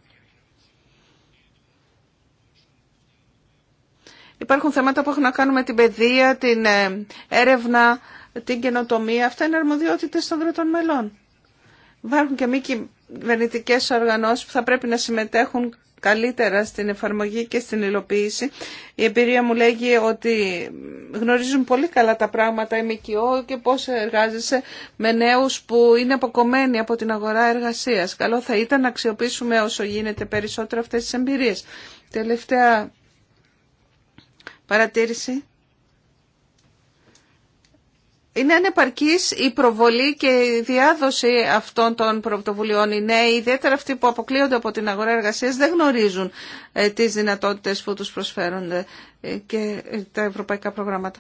Υπάρχουν θέματα που έχουν να κάνουν με την παιδεία, την έρευνα, την καινοτομία. Αυτά είναι αρμοδιότητε των κρατών μελών. Υπάρχουν και μη κυβερνητικέ οργανώσει που θα πρέπει να συμμετέχουν καλύτερα στην εφαρμογή και στην υλοποίηση. Η εμπειρία μου λέγει ότι γνωρίζουν πολύ καλά τα πράγματα η ΜΚΟ και πώς εργάζεσαι με νέους που είναι αποκομμένοι από την αγορά εργασίας. Καλό θα ήταν να αξιοποιήσουμε όσο γίνεται περισσότερο αυτές τις εμπειρίες. Τελευταία παρατήρηση είναι ανεπαρκή η προβολή και η διάδοση αυτών των πρωτοβουλειών. Οι νέοι, ιδιαίτερα αυτοί που αποκλείονται από την αγορά εργασία, δεν γνωρίζουν ε, τι δυνατότητε που του προσφέρονται ε, και ε, τα ευρωπαϊκά προγράμματα.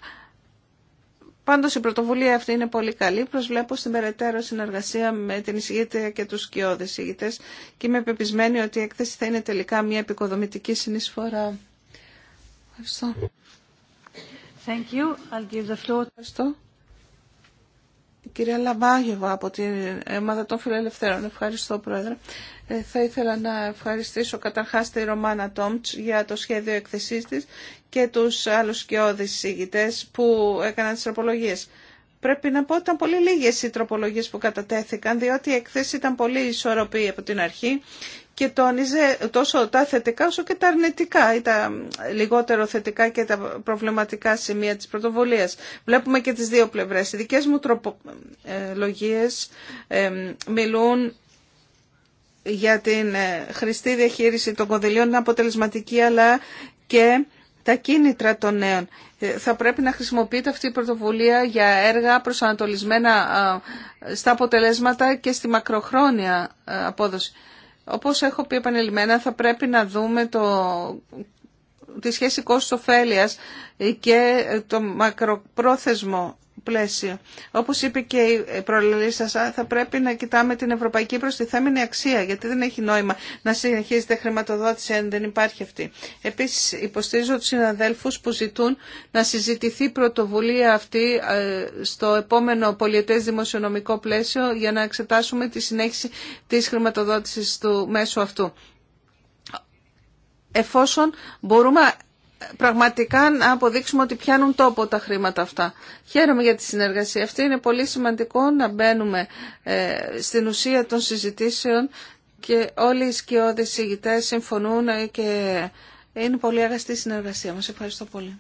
Πάντως η πρωτοβουλία αυτή είναι πολύ καλή. Προσβλέπω στην περαιτέρω συνεργασία με την εισηγήτρια και του σκιώδει εισηγητές και είμαι πεπισμένη ότι η έκθεση θα είναι τελικά μια επικοδομητική συνεισφορά. Ευχαριστώ. Thank you. I'll give the floor. Ευχαριστώ κυρία Λαμπάγεβα από την Ομάδα των Φιλελευθέρων. Ευχαριστώ, Πρόεδρε. Ε, θα ήθελα να ευχαριστήσω καταρχά τη Ρωμάνα Τόμτς για το σχέδιο εκθεσής της και τους άλλους σκιώδεις συγητές που έκαναν τις τροπολογίες. Πρέπει να πω ότι ήταν πολύ λίγες οι τροπολογίες που κατατέθηκαν, διότι η εκθέση ήταν πολύ ισορροπή από την αρχή και τόνιζε τόσο τα θετικά όσο και τα αρνητικά ή τα λιγότερο θετικά και τα προβληματικά σημεία της πρωτοβουλίας. Βλέπουμε και τις δύο πλευρές. Οι δικές μου τροπολογίες ε, μιλούν για την ε, χρηστή διαχείριση των κονδυλίων αποτελεσματική αλλά και τα κίνητρα των νέων. Ε, θα πρέπει να χρησιμοποιείται αυτή η πρωτοβουλία για έργα προσανατολισμένα στα αποτελέσματα και στη μακροχρόνια απόδοση. Όπως έχω πει επανελειμμένα, θα πρέπει να δούμε το, τη σχέση κόστος ωφέλειας και το μακροπρόθεσμο πλαίσιο. Όπως είπε και η προλαλή σα, θα πρέπει να κοιτάμε την ευρωπαϊκή προστιθέμενη αξία, γιατί δεν έχει νόημα να συνεχίζεται χρηματοδότηση αν δεν υπάρχει αυτή. Επίσης, υποστηρίζω του συναδέλφου που ζητούν να συζητηθεί πρωτοβουλία αυτή στο επόμενο πολιετέ δημοσιονομικό πλαίσιο για να εξετάσουμε τη συνέχιση τη χρηματοδότηση του μέσου αυτού εφόσον μπορούμε πραγματικά να αποδείξουμε ότι πιάνουν τόπο τα χρήματα αυτά. Χαίρομαι για τη συνεργασία αυτή. Είναι πολύ σημαντικό να μπαίνουμε ε, στην ουσία των συζητήσεων και όλοι οι σκιώδεις ηγητές συμφωνούν ε, και είναι πολύ αγαστή η συνεργασία μας. Ευχαριστώ πολύ.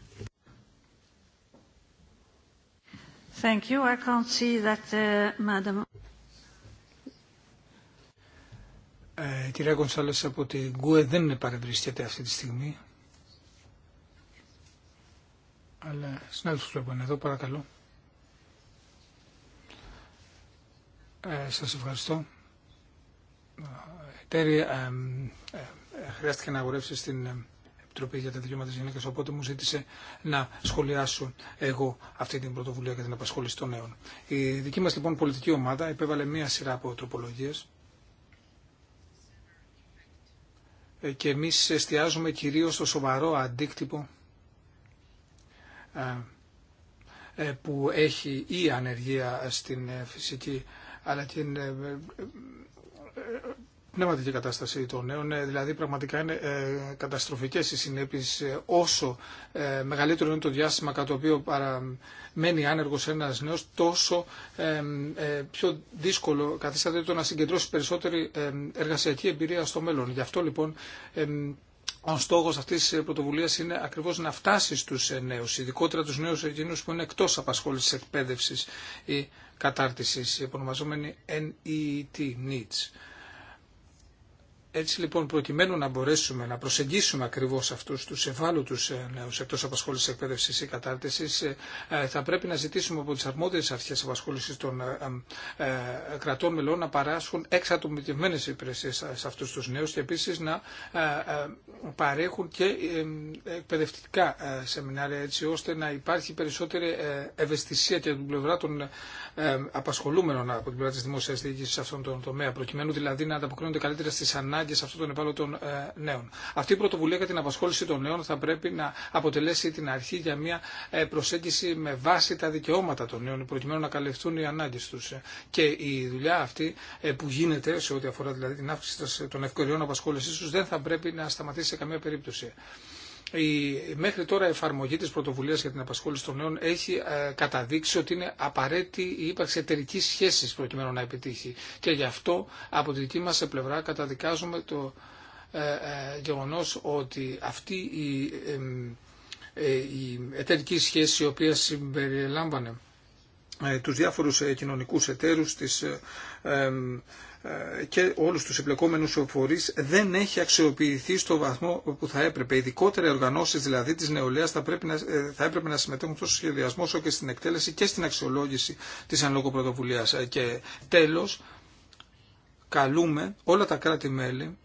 Thank you. I can't see that, uh, madam.
Ε, κυρία από την ΚΟΕ δεν παρευρίσκεται αυτή τη στιγμή αλλά είναι εδώ, παρακαλώ. Ε, σας ευχαριστώ. Ε, Τέρι, ε, ε, ε, χρειάστηκε να αγορεύσει στην Επιτροπή για τα Δικαιώματα της Γυναίκας, οπότε μου ζήτησε να σχολιάσω εγώ αυτή την πρωτοβουλία για την απασχόληση των νέων. Η δική μας λοιπόν πολιτική ομάδα επέβαλε μία σειρά από τροπολογίες και εμείς εστιάζουμε κυρίως στο σοβαρό αντίκτυπο ε, ε, που έχει η ανεργία στην ε, φυσική αλλά και την πνευματική κατάσταση των νέων. Δηλαδή πραγματικά είναι καταστροφικές οι συνέπειες όσο μεγαλύτερο είναι το διάστημα κατά το οποίο παραμένει άνεργος ένας νέος τόσο πιο δύσκολο καθίσταται το να συγκεντρώσει περισσότερη εργασιακή εμπειρία στο μέλλον. Γι' αυτό λοιπόν ο στόχο αυτή τη πρωτοβουλία είναι ακριβώ να φτάσει στου νέου, ειδικότερα του νέου εκείνου που είναι εκτό απασχόληση εκπαίδευση ή κατάρτιση, η καταρτιση οι επωνομαζομενη NEET, needs. Έτσι λοιπόν, προκειμένου να μπορέσουμε να προσεγγίσουμε ακριβώ αυτού του ευάλωτου ε, νέου εκτό απασχόληση εκπαίδευση ή κατάρτιση, ε, ε, θα πρέπει να ζητήσουμε από τι αρμόδιε αρχέ απασχόληση των κρατών μελών να παράσχουν εξατομικευμένε υπηρεσίε σε αυτού του νέου και επίση να παρέχουν και εκπαιδευτικά ε, σεμινάρια έτσι ώστε να υπάρχει περισσότερη ε, ευαισθησία και από την πλευρά των ε, απασχολούμενων από την πλευρά της δημόσιας διοίκησης σε αυτόν τον τομέα προκειμένου δηλαδή να ανταποκρίνονται καλύτερα στις ανάγκες αυτών των επαλωτών νέων. Αυτή η πρωτοβουλία για την απασχόληση των νέων θα πρέπει να αποτελέσει την αρχή για μια προσέγγιση με βάση τα δικαιώματα των νέων προκειμένου να καλυφθούν οι ανάγκε του. Και η δουλειά αυτή που γίνεται σε ό,τι αφορά δηλαδή την αύξηση των ευκαιριών απασχόλησή του, δεν θα πρέπει να σταματήσει σε καμία περίπτωση. Η μέχρι τώρα εφαρμογή της πρωτοβουλίας για την απασχόληση των νέων έχει ε, καταδείξει ότι είναι απαραίτητη η ύπαρξη εταιρική σχέσης προκειμένου να επιτύχει. Και γι' αυτό από τη δική μας πλευρά καταδικάζουμε το ε, ε, γεγονός ότι αυτή η, η εταιρική σχέση η οποία συμπεριλάμβανε τους διάφορους κοινωνικούς εταίρους, τις και όλους τους εμπλεκόμενους φορείς δεν έχει αξιοποιηθεί στο βαθμό που θα έπρεπε. Ειδικότερα οι οργανώσεις δηλαδή της νεολαίας θα, πρέπει να, ε, έπρεπε να συμμετέχουν στο σχεδιασμό όσο και στην εκτέλεση και στην αξιολόγηση της ανλόγω πρωτοβουλίας. Ε, και τέλος, καλούμε όλα τα κράτη-μέλη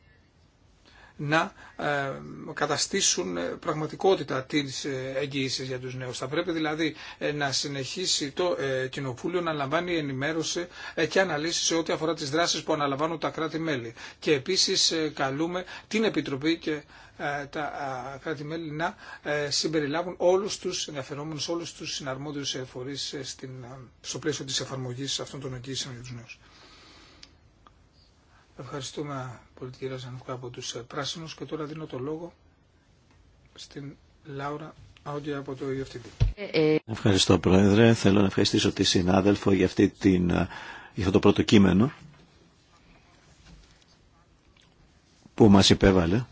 να ε, καταστήσουν πραγματικότητα τις ε, εγγύησεις για τους νέους. Θα πρέπει δηλαδή ε, να συνεχίσει το Κοινοβούλιο να λαμβάνει ενημέρωση και αναλύσει σε ό,τι αφορά τις δράσεις που αναλαμβάνουν τα κράτη-μέλη. Και επίσης καλούμε την Επιτροπή και τα κράτη-μέλη να συμπεριλάβουν όλους τους ενδιαφερόμενους, όλους τους συναρμόδιους φορείς στην, στο πλαίσιο της εφαρμογής αυτών των εγγύησεων για τους νέους. Ευχαριστούμε πολιτική από τους ε, Πράσινους και τώρα δίνω το λόγο στην Λάουρα Αόντια από το
Ευχαριστώ Πρόεδρε. Θέλω να ευχαριστήσω τη συνάδελφο για, αυτή την, ε, για αυτό το πρώτο κείμενο που μας υπέβαλε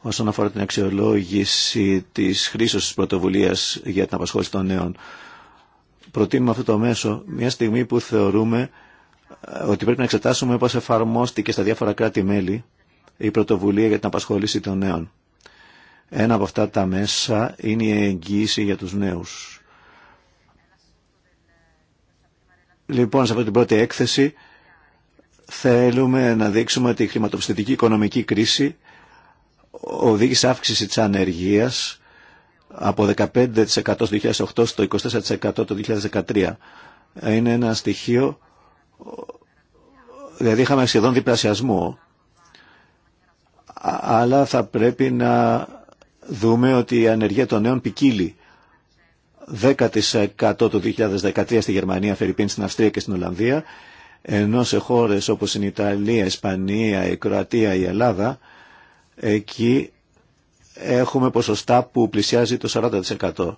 όσον αφορά την αξιολόγηση της χρήσης της πρωτοβουλίας για την απασχόληση των νέων. Προτείνουμε αυτό το μέσο μια στιγμή που θεωρούμε ε, ότι πρέπει να εξετάσουμε πώς εφαρμόστηκε στα διάφορα κράτη-μέλη η πρωτοβουλία για την απασχόληση των νέων. Ένα από αυτά τα μέσα είναι η εγγύηση για τους νέους. Λοιπόν, σε αυτή την πρώτη έκθεση θέλουμε να δείξουμε ότι η χρηματοπιστωτική οικονομική κρίση οδήγησε αύξηση της ανεργίας από 15% το 2008 στο 24% το 2013. Είναι ένα στοιχείο δηλαδή είχαμε σχεδόν διπλασιασμό αλλά θα πρέπει να δούμε ότι η ανεργία των νέων ποικίλει 10% το 2013 στη Γερμανία, Φερρυπίν στην Αυστρία και στην Ολλανδία ενώ σε χώρες όπως είναι η Ιταλία, η Ισπανία, η Κροατία, η Ελλάδα εκεί έχουμε ποσοστά που πλησιάζει το 40%.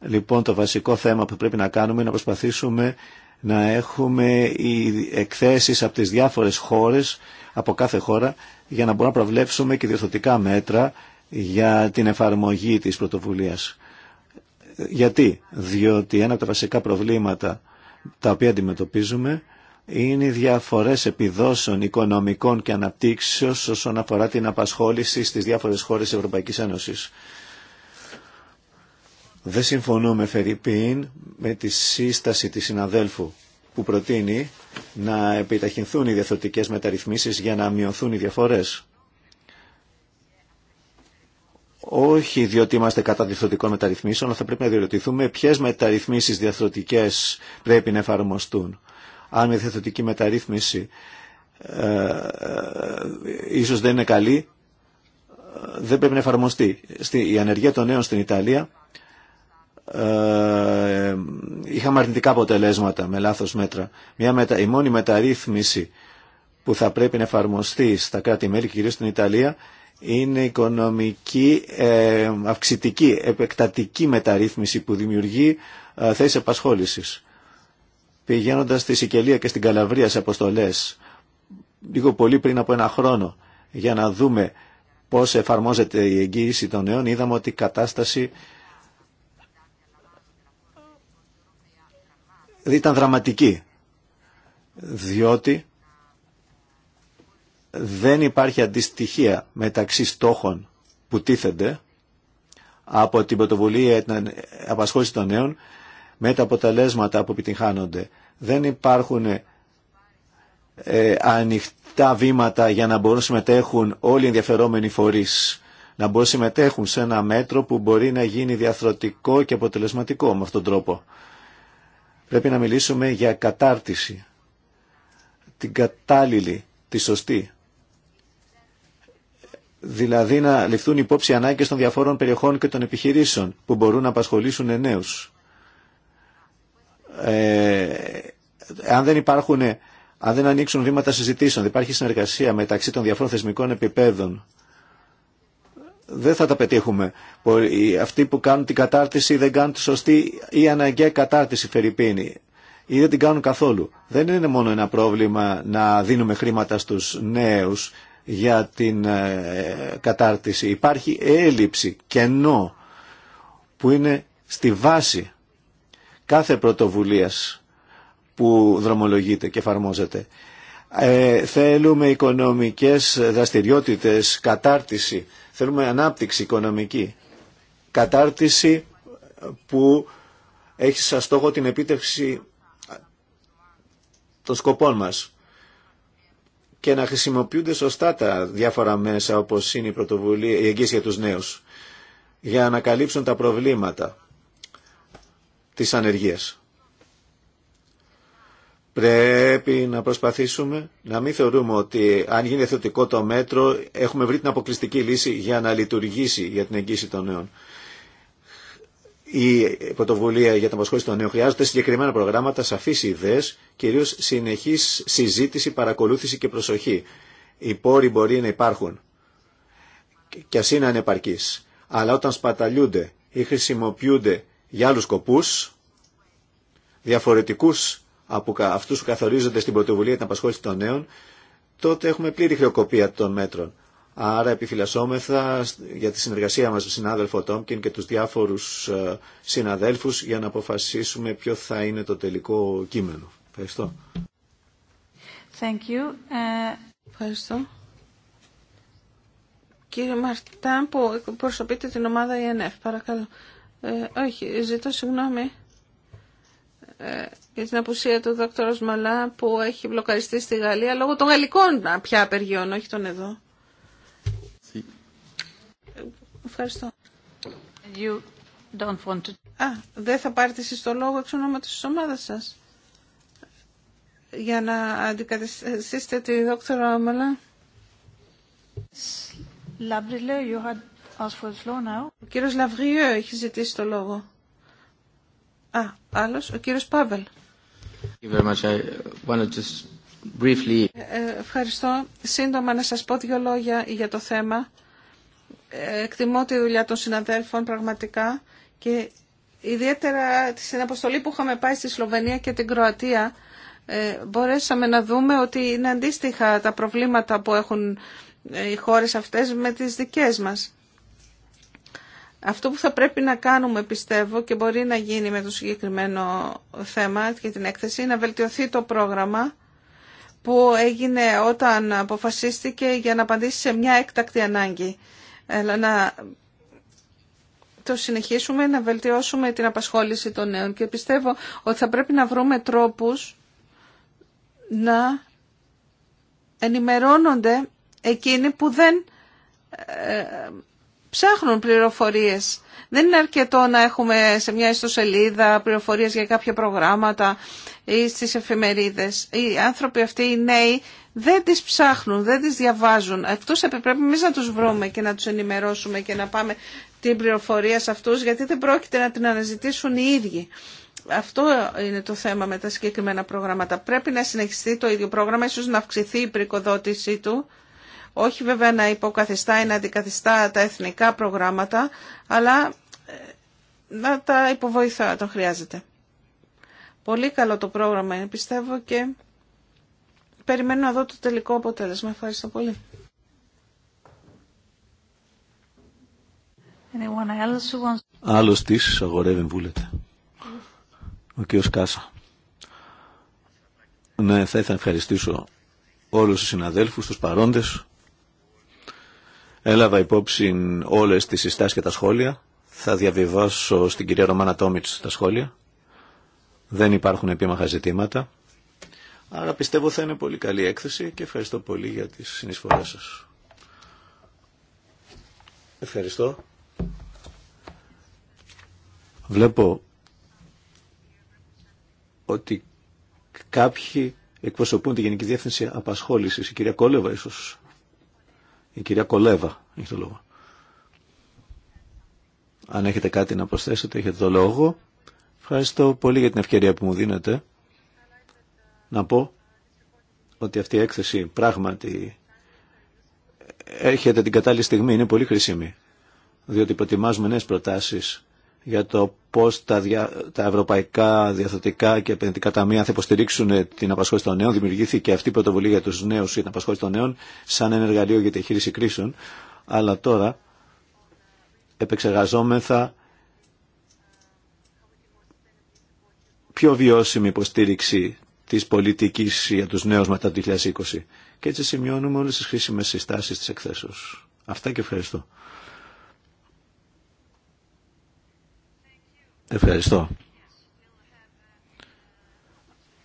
Λοιπόν, το βασικό θέμα που πρέπει να κάνουμε είναι να προσπαθήσουμε να έχουμε οι εκθέσεις από τις διάφορες χώρες, από κάθε χώρα, για να μπορούμε να προβλέψουμε και διορθωτικά μέτρα για την εφαρμογή της πρωτοβουλίας. Γιατί, διότι ένα από τα βασικά προβλήματα τα οποία αντιμετωπίζουμε είναι οι διαφορές επιδόσεων οικονομικών και αναπτύξεως όσον αφορά την απασχόληση στις διάφορες χώρες Ευρωπαϊκής Ένωσης. Δεν συμφωνούμε, Φερρυπίν, με τη σύσταση της συναδέλφου που προτείνει να επιταχυνθούν οι διαθωτικές μεταρρυθμίσεις για να μειωθούν οι διαφορές. Όχι διότι είμαστε κατά διαθωτικών μεταρρυθμίσεων, αλλά θα πρέπει να διερωτηθούμε ποιε μεταρρυθμίσεις διαθωτικές πρέπει να εφαρμοστούν. Αν η διαθωτική μεταρρύθμιση ε, ε ίσως δεν είναι καλή, ε, δεν πρέπει να εφαρμοστεί. Στη, η ανεργία των νέων στην Ιταλία ε, είχαμε αρνητικά αποτελέσματα με λάθος μέτρα. Μια μετα, η μόνη μεταρρύθμιση που θα πρέπει να εφαρμοστεί στα κράτη-μέλη, κυρίως στην Ιταλία, είναι οικονομική, ε, αυξητική, επεκτατική μεταρρύθμιση που δημιουργεί ε, θέσεις επασχόλησης. Πηγαίνοντας στη Σικελία και στην Καλαβρία σε αποστολές, λίγο πολύ πριν από ένα χρόνο, για να δούμε πώς εφαρμόζεται η εγγύηση των νέων, είδαμε ότι η κατάσταση Δηλαδή ήταν δραματική, διότι δεν υπάρχει αντιστοιχεία μεταξύ στόχων που τίθενται από την πρωτοβουλία την απασχόληση των νέων με τα αποτελέσματα που επιτυγχάνονται. Δεν υπάρχουν ε, ανοιχτά βήματα για να μπορούν να συμμετέχουν όλοι οι ενδιαφερόμενοι φορείς. Να μπορούν να συμμετέχουν σε ένα μέτρο που μπορεί να γίνει διαθροτικό και αποτελεσματικό με αυτόν τον τρόπο. Πρέπει να μιλήσουμε για κατάρτιση, την κατάλληλη, τη σωστή. Δηλαδή να ληφθούν υπόψη ανάγκες των διαφόρων περιοχών και των επιχειρήσεων που μπορούν να απασχολήσουν νέους. Ε, αν δεν υπάρχουν, αν δεν ανοίξουν βήματα συζητήσεων, δεν υπάρχει συνεργασία μεταξύ των διαφόρων θεσμικών επιπέδων δεν θα τα πετύχουμε. Αυτοί που κάνουν την κατάρτιση δεν κάνουν τη σωστή ή αναγκαία κατάρτιση φερρυπίνη ή δεν την κάνουν καθόλου. Δεν είναι μόνο ένα πρόβλημα να δίνουμε χρήματα στους νέους για την ε, κατάρτιση. Υπάρχει έλλειψη, κενό που είναι στη βάση κάθε πρωτοβουλίας που δρομολογείται και εφαρμόζεται. Ε, θέλουμε οικονομικές δραστηριότητες, κατάρτιση Θέλουμε ανάπτυξη οικονομική, κατάρτιση που έχει σαν στόχο την επίτευξη των σκοπών μας και να χρησιμοποιούνται σωστά τα διάφορα μέσα όπως είναι η πρωτοβουλία, η εγγύηση για τους νέους για να καλύψουν τα προβλήματα της ανεργίας. Πρέπει να προσπαθήσουμε να μην θεωρούμε ότι αν γίνει θετικό το μέτρο έχουμε βρει την αποκλειστική λύση για να λειτουργήσει για την εγγύηση των νέων. Η πρωτοβουλία για την αποσχόληση των νέων χρειάζεται συγκεκριμένα προγράμματα, σαφείς ιδέες, κυρίως συνεχής συζήτηση, παρακολούθηση και προσοχή. Οι πόροι μπορεί να υπάρχουν και ας είναι ανεπαρκείς. Αλλά όταν σπαταλιούνται ή χρησιμοποιούνται για άλλους σκοπούς, διαφορετικούς από αυτού που καθορίζονται στην πρωτοβουλία για την απασχόληση των νέων, τότε έχουμε πλήρη χρεοκοπία των μέτρων. Άρα επιφυλασσόμεθα για τη συνεργασία μας με συνάδελφο Τόμκιν και τους διάφορους ε, συναδέλφους για να αποφασίσουμε ποιο θα είναι το τελικό κείμενο. Ευχαριστώ.
Thank you. Ε, Ευχαριστώ. Κύριε Μαρτάν που προσωπείτε την ομάδα ΙΕΝΕΦ, παρακαλώ. Ε, όχι, ζητώ συγγνώμη για ε, την απουσία του δόκτωρο Μαλά που έχει μπλοκαριστεί στη Γαλλία λόγω των γαλλικών πια απεργιών, όχι των εδώ. Sí. Ευχαριστώ. You don't want to... Α, δεν θα πάρετε εσείς το λόγο εξ ονόματος της ομάδας σας για να αντικαταστήσετε τη δόκτωρα Μαλά. Ο κύριος Λαβριέ έχει ζητήσει το λόγο. Α, άλλος, ο κύριος Πάβελ. Ε, ε, ευχαριστώ. Σύντομα να σας πω δύο λόγια για το θέμα. Ε, εκτιμώ τη δουλειά των συναδέλφων πραγματικά και ιδιαίτερα στην αποστολή που είχαμε πάει στη Σλοβενία και την Κροατία ε, μπορέσαμε να δούμε ότι είναι αντίστοιχα τα προβλήματα που έχουν οι χώρες αυτές με τις δικές μας. Αυτό που θα πρέπει να κάνουμε, πιστεύω, και μπορεί να γίνει με το συγκεκριμένο θέμα και την έκθεση, να βελτιωθεί το πρόγραμμα που έγινε όταν αποφασίστηκε για να απαντήσει σε μια έκτακτη ανάγκη. Αλλά να το συνεχίσουμε, να βελτιώσουμε την απασχόληση των νέων και πιστεύω ότι θα πρέπει να βρούμε τρόπους να ενημερώνονται εκείνοι που δεν ε, ψάχνουν πληροφορίες. Δεν είναι αρκετό να έχουμε σε μια ιστοσελίδα πληροφορίες για κάποια προγράμματα ή στις εφημερίδες. Οι άνθρωποι αυτοί, οι νέοι, δεν τις ψάχνουν, δεν τις διαβάζουν. Αυτούς πρέπει εμείς να τους βρούμε και να τους ενημερώσουμε και να πάμε την πληροφορία σε αυτούς, γιατί δεν πρόκειται να την αναζητήσουν οι ίδιοι. Αυτό είναι το θέμα με τα συγκεκριμένα προγράμματα. Πρέπει να συνεχιστεί το ίδιο πρόγραμμα, ίσως να αυξηθεί η πρικοδότησή του όχι βέβαια να υποκαθιστά ή να αντικαθιστά τα εθνικά προγράμματα, αλλά ε, να τα υποβοηθά, το χρειάζεται. Πολύ καλό το πρόγραμμα είναι, πιστεύω, και περιμένω να δω το τελικό αποτέλεσμα. Ευχαριστώ πολύ.
Άλλος της αγορεύει βούλετε. Ο κ. Κάσα. Ναι, θα ήθελα να ευχαριστήσω όλους τους συναδέλφους, τους παρόντες, Έλαβα υπόψη όλες τις συστάσεις και τα σχόλια. Θα διαβιβάσω στην κυρία Ρωμάνα Τόμιτς τα σχόλια. Δεν υπάρχουν επίμαχα ζητήματα. Άρα πιστεύω θα είναι πολύ καλή έκθεση και ευχαριστώ πολύ για τις συνεισφορές σας. Ευχαριστώ. Βλέπω ότι κάποιοι εκπροσωπούν τη Γενική Διεύθυνση Απασχόλησης. Η κυρία Κόλεβα ίσως η κυρία Κολέβα έχει το λόγο. Αν έχετε κάτι να προσθέσετε, έχετε το λόγο. Ευχαριστώ πολύ για την ευκαιρία που μου δίνετε. Να πω ότι αυτή η έκθεση πράγματι έρχεται την κατάλληλη στιγμή, είναι πολύ χρήσιμη. Διότι προετοιμάζουμε νέες προτάσεις για το πώς τα, ευρωπαϊκά διαθωτικά και επενδυτικά ταμεία θα υποστηρίξουν την απασχόληση των νέων. Δημιουργήθηκε αυτή η πρωτοβουλία για τους νέους ή την απασχόληση των νέων σαν ένα εργαλείο για τη χείριση κρίσεων. Αλλά τώρα επεξεργαζόμεθα πιο βιώσιμη υποστήριξη της πολιτικής για τους νέους μετά το 2020. Και έτσι σημειώνουμε όλες τις χρήσιμες συστάσεις της εκθέσεως. Αυτά και ευχαριστώ. Ευχαριστώ.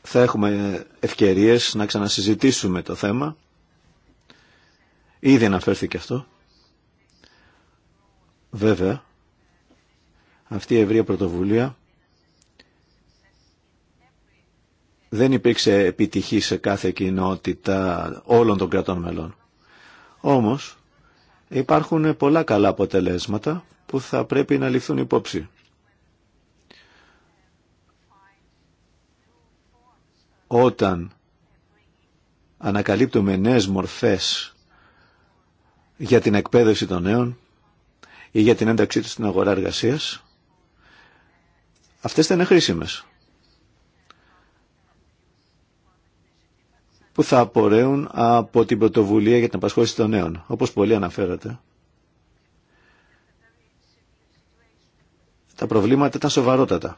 Θα έχουμε ευκαιρίες να ξανασυζητήσουμε το θέμα. Ήδη αναφέρθηκε αυτό. Βέβαια, αυτή η ευρεία πρωτοβουλία δεν υπήρξε επιτυχή σε κάθε κοινότητα όλων των κρατών μελών. Όμως, υπάρχουν πολλά καλά αποτελέσματα που θα πρέπει να ληφθούν υπόψη. όταν ανακαλύπτουμε νέες μορφές για την εκπαίδευση των νέων ή για την ένταξή τους στην αγορά εργασίας, αυτές θα είναι χρήσιμες. Που θα απορρέουν από την πρωτοβουλία για την απασχόληση των νέων, όπως πολλοί αναφέρατε. Τα προβλήματα ήταν σοβαρότατα.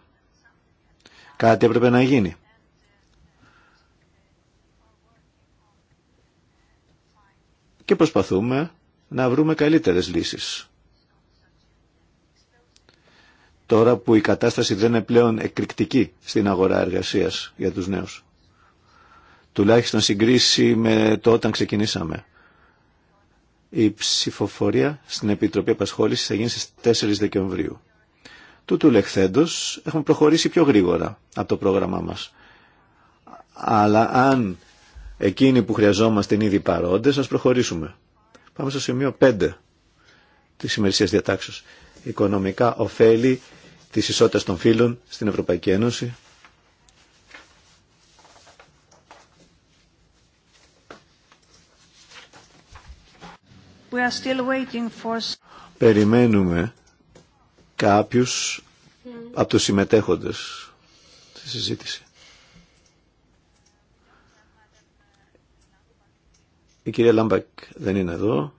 Κάτι έπρεπε να γίνει. και προσπαθούμε να βρούμε καλύτερες λύσεις. Τώρα που η κατάσταση δεν είναι πλέον εκρηκτική στην αγορά εργασίας για τους νέους. Τουλάχιστον συγκρίση με το όταν ξεκινήσαμε. Η ψηφοφορία στην Επιτροπή Απασχόλησης θα γίνει στις 4 Δεκεμβρίου. Τούτου λεχθέντος έχουμε προχωρήσει πιο γρήγορα από το πρόγραμμά μας. Αλλά αν εκείνοι που χρειαζόμαστε είναι ήδη παρόντες, ας προχωρήσουμε. Πάμε στο σημείο 5 της σημερινής διατάξεως. Οικονομικά ωφέλη της ισότητας των φύλων στην Ευρωπαϊκή Ένωση.
We are still waiting for...
Περιμένουμε κάποιους mm. από τους συμμετέχοντες στη συζήτηση. Η κυρία Λάμπακ δεν είναι εδώ.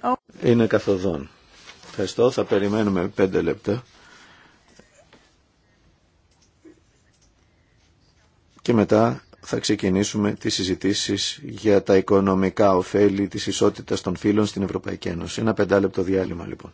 Oh. Είναι
καθοδόν. Ευχαριστώ. Θα περιμένουμε πέντε λεπτά. Και μετά θα ξεκινήσουμε τις συζητήσεις για τα οικονομικά ωφέλη της ισότητας των φύλων στην Ευρωπαϊκή Ένωση. Ένα πεντάλεπτο διάλειμμα λοιπόν.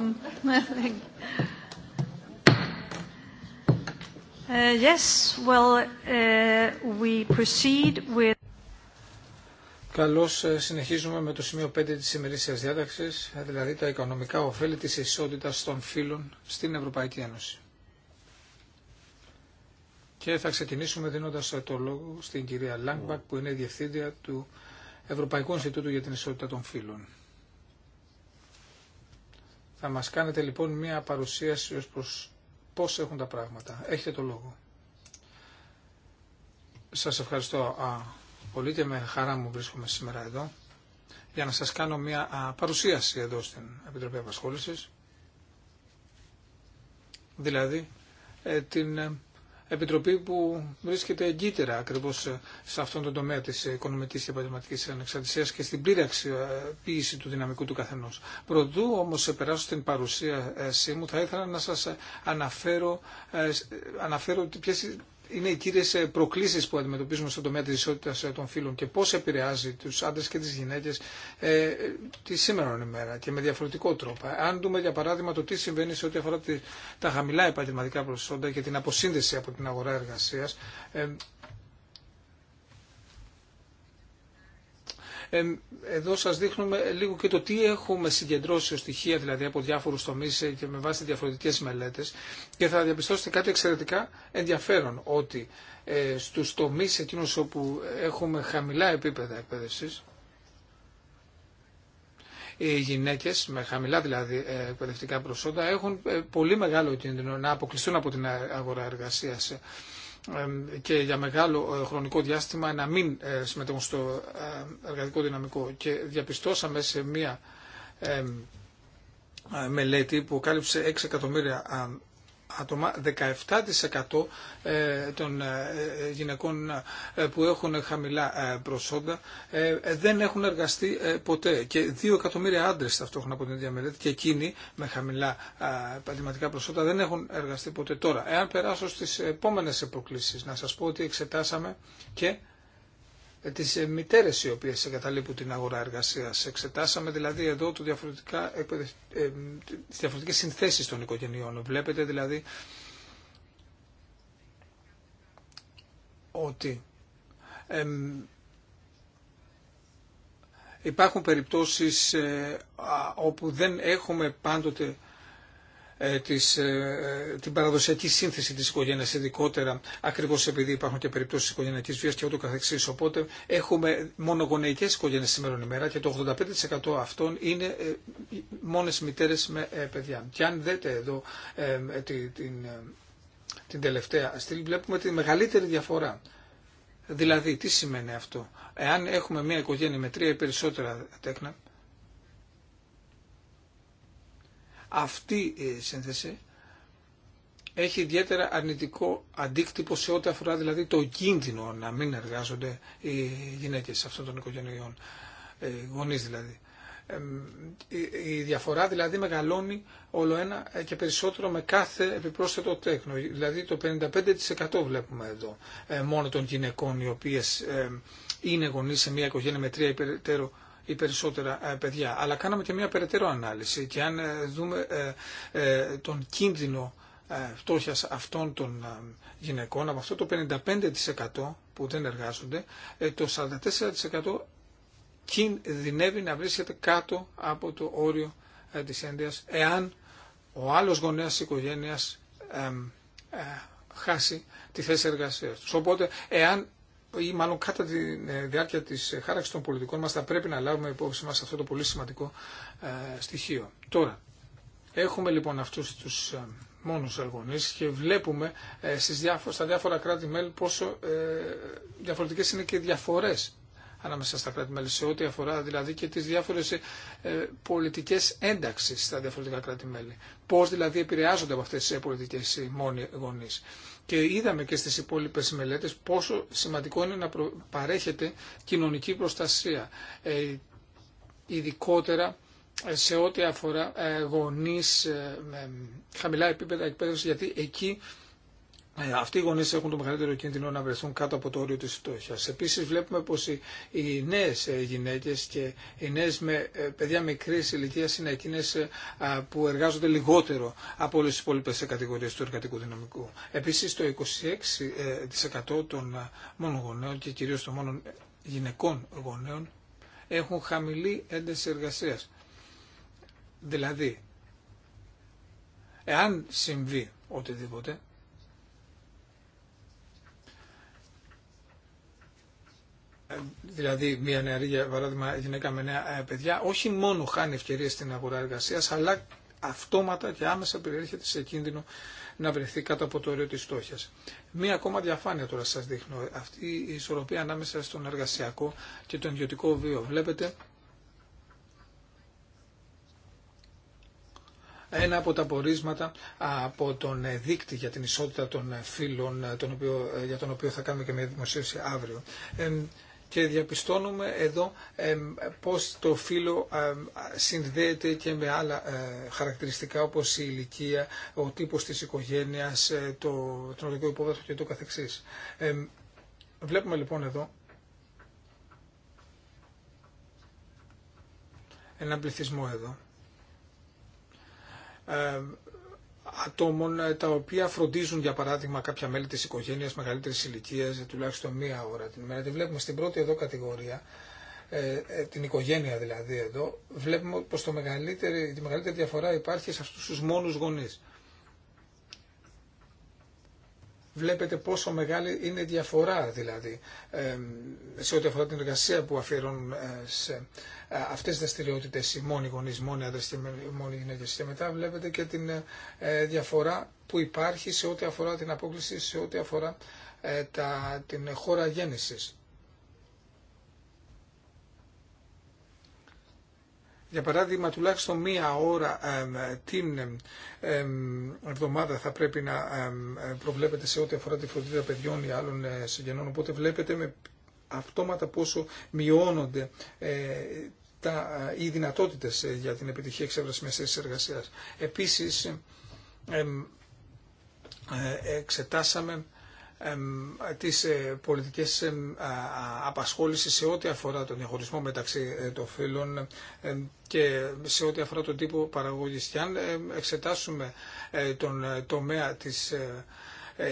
Uh, yes, well, uh, we proceed with...
Καλώς ε, συνεχίζουμε με το σημείο 5 της ημερήσιας διάταξης, δηλαδή τα οικονομικά ωφέλη της ισότητας των φύλων στην Ευρωπαϊκή Ένωση. Και θα ξεκινήσουμε δίνοντας ε, το λόγο στην κυρία Λάγκμπακ που είναι η Διευθύντρια του Ευρωπαϊκού Ινστιτούτου για την Ισότητα των Φύλων. Θα μας κάνετε λοιπόν μία παρουσίαση ως προς πώς έχουν τα πράγματα. Έχετε το λόγο. Σας ευχαριστώ πολύ και με χαρά μου βρίσκομαι σήμερα εδώ για να σας κάνω μία παρουσίαση εδώ στην Επιτροπή Απασχόλησης. Δηλαδή ε, την ε, επιτροπή που βρίσκεται εγκύτερα ακριβώ σε αυτόν τον τομέα τη οικονομική και επαγγελματική ανεξαρτησία και στην πλήρη αξιοποίηση του δυναμικού του καθενό. Προτού όμω περάσω στην παρουσίασή μου, θα ήθελα να σα αναφέρω, ε, αναφέρω ποιες είναι οι κύριε προκλήσει που αντιμετωπίζουμε στον τομέα τη ισότητα ε, των φύλων και πώ επηρεάζει του άντρε και τι γυναίκε ε, τη σήμερα ημέρα και με διαφορετικό τρόπο. Αν δούμε για παράδειγμα το τι συμβαίνει σε ό,τι αφορά τα χαμηλά επαγγελματικά προσόντα και την αποσύνδεση από την αγορά εργασία, ε, εδώ σας δείχνουμε λίγο και το τι έχουμε συγκεντρώσει ως στοιχεία, δηλαδή από διάφορους τομείς και με βάση διαφορετικές μελέτες και θα διαπιστώσετε κάτι εξαιρετικά ενδιαφέρον, ότι ε, στους τομείς εκείνους όπου έχουμε χαμηλά επίπεδα εκπαίδευσης, οι γυναίκε, με χαμηλά δηλαδή ε, εκπαιδευτικά προσόντα, έχουν ε, πολύ μεγάλο κίνδυνο να αποκλειστούν από την αγορά εργασία και για μεγάλο ε, χρονικό διάστημα να μην ε, συμμετέχουν στο ε, εργατικό δυναμικό. Και διαπιστώσαμε σε μία μελέτη που κάλυψε 6 εκατομμύρια άτομα, 17% ε, των ε, ε, γυναικών που έχουν χαμηλά προσόντα δεν έχουν εργαστεί ποτέ και 2 εκατομμύρια άντρες ταυτόχρονα από την ίδια μελέτη και εκείνοι με χαμηλά επαγγελματικά προσόντα δεν έχουν εργαστεί ποτέ τώρα. Εάν περάσω στις επόμενες προκλήσεις να σας πω ότι εξετάσαμε και ε, τις ε, μητέρες οι οποίες εγκαταλείπουν την αγορά εργασίας. Εξετάσαμε δηλαδή εδώ το διαφορετικά, ε, τις συνθέσεις των οικογενειών. Βλέπετε δηλαδή ότι υπάρχουν περιπτώσεις όπου δεν έχουμε πάντοτε ε, της, ε, την παραδοσιακή σύνθεση της οικογένειας, ειδικότερα ακριβώς επειδή υπάρχουν και περιπτώσεις οικογενειακής βίας και ούτω καθεξής. Οπότε έχουμε μονογονεϊκές οικογένειες σήμερα ημέρα και το 85% αυτών είναι ε, μόνες μητέρες με παιδιά. Και αν δείτε εδώ την, την τελευταία στήλη βλέπουμε τη μεγαλύτερη διαφορά. Δηλαδή, τι σημαίνει αυτό. Εάν έχουμε μια οικογένεια με τρία ή περισσότερα τέκνα, αυτή η σύνθεση έχει ιδιαίτερα αρνητικό αντίκτυπο σε ό,τι αφορά δηλαδή το κίνδυνο να μην εργάζονται οι γυναίκες αυτών των οικογενειών, ε, γονείς δηλαδή. Η διαφορά δηλαδή μεγαλώνει όλο ένα ε, και περισσότερο με κάθε επιπρόσθετο τέκνο. Δηλαδή το 55% βλέπουμε εδώ ε, μόνο των γυναικών οι οποίες είναι γονείς σε μια οικογένεια με τρία υπεραιτέρω ή περισσότερα ε, παιδιά. Αλλά κάναμε και μια περαιτέρω ανάλυση και αν ε, δούμε ε, τον κίνδυνο φτώχεια αυτών των γυναικών, από αυτό το 55% που δεν εργάζονται, το 44% κινδυνεύει να βρίσκεται κάτω από το όριο της ένδυας εάν ο άλλος γονέας της οικογένειας χάσει τη θέση εργασίας τους. Οπότε, εάν ή μάλλον κατά τη ε, διάρκεια της ε, χάραξης των πολιτικών μας θα πρέπει να λάβουμε υπόψη μας αυτό το πολύ σημαντικό ε, στοιχείο. Τώρα, έχουμε λοιπόν αυτούς τους μόνους αγωνίες και βλέπουμε στις διάφο στα διάφορα κράτη-μέλη πόσο διαφορετικές είναι και οι διαφορές ανάμεσα στα κράτη-μέλη σε ό,τι αφορά δηλαδή και τις διάφορες ε, πολιτικές ένταξεις στα διαφορετικά κράτη-μέλη. Πώς δηλαδή επηρεάζονται από αυτές τις πολιτικές μόνοι γονείς και είδαμε και στις υπόλοιπες μελέτες πόσο σημαντικό είναι να παρέχεται κοινωνική προστασία, ε, ειδικότερα ε, σε ό,τι αφορά ε, γονείς με χαμηλά επίπεδα εκπαίδευση, γιατί εκεί ε, αυτοί οι γονεί έχουν το μεγαλύτερο κίνδυνο να βρεθούν κάτω από το όριο τη φτώχεια. Επίση, βλέπουμε πω οι νέε γυναίκε και οι νέε με ε, παιδιά μικρή ηλικία είναι εκείνε ε, που εργάζονται λιγότερο από όλε τι υπόλοιπε κατηγορίε του εργατικού δυναμικού. Επίση, το 26% των μόνων γονέων και κυρίω των μόνων γυναικών γονέων έχουν χαμηλή ένταση εργασία. Δηλαδή, εάν συμβεί οτιδήποτε, Ε, δηλαδή μια νεαρή για παράδειγμα γυναίκα με νέα ε, παιδιά, όχι μόνο χάνει ευκαιρίες στην αγορά εργασίας, αλλά αυτόματα και άμεσα περιέρχεται σε κίνδυνο να βρεθεί κάτω από το όριο της στόχιας. Μία ακόμα διαφάνεια τώρα σας δείχνω. Αυτή η ισορροπία ανάμεσα στον εργασιακό και τον ιδιωτικό βίο. Βλέπετε ένα από τα πορίσματα από τον ε, δείκτη για την ισότητα των φύλων, τον οποίο, για τον οποίο θα κάνουμε και μια δημοσίευση αύριο και διαπιστώνουμε εδώ πώς το φύλλο συνδέεται και με άλλα ε, χαρακτηριστικά όπως η ηλικία, ο τύπος της οικογένειας, ε, το τρονικό υπόβαθρο και το καθεξής. Βλέπουμε λοιπόν εδώ έναν πληθυσμό εδώ ατόμων ε, τα οποία φροντίζουν για παράδειγμα κάποια μέλη της οικογένειας μεγαλύτερης ηλικίας τουλάχιστον μία ώρα την ημέρα. Τη βλέπουμε στην πρώτη εδώ κατηγορία, ε, ε, την οικογένεια δηλαδή εδώ, βλέπουμε πως το μεγαλύτερη, τη μεγαλύτερη διαφορά υπάρχει σε αυτούς τους μόνους γονείς. βλέπετε πόσο μεγάλη είναι η διαφορά δηλαδή σε ό,τι αφορά την εργασία που αφιερώνουν ε, σε ε, αυτές τις δραστηριότητε οι μόνοι γονείς, μόνοι άντρες και μόνοι γυναίκες και μετά βλέπετε και την ε, διαφορά που υπάρχει σε ό,τι αφορά την απόκληση, σε ό,τι αφορά τα, την χώρα γέννησης. για παράδειγμα τουλάχιστον μία ώρα την εβδομάδα θα πρέπει να προβλέπετε σε ό,τι αφορά τη φροντίδα παιδιών ή άλλων ε, συγγενών. Οπότε βλέπετε με αυτόματα πόσο μειώνονται ε, τα, ε, οι δυνατότητες για την επιτυχία εξέβρασης της εργασίας. Επίσης, εξετάσαμε τις ε, πολιτικές απασχόλησης σε ό,τι αφορά τον διαχωρισμό μεταξύ ε, των φύλων και σε ό,τι αφορά τον τύπο παραγωγής. Και αν εξετάσουμε ε, τον τομέα της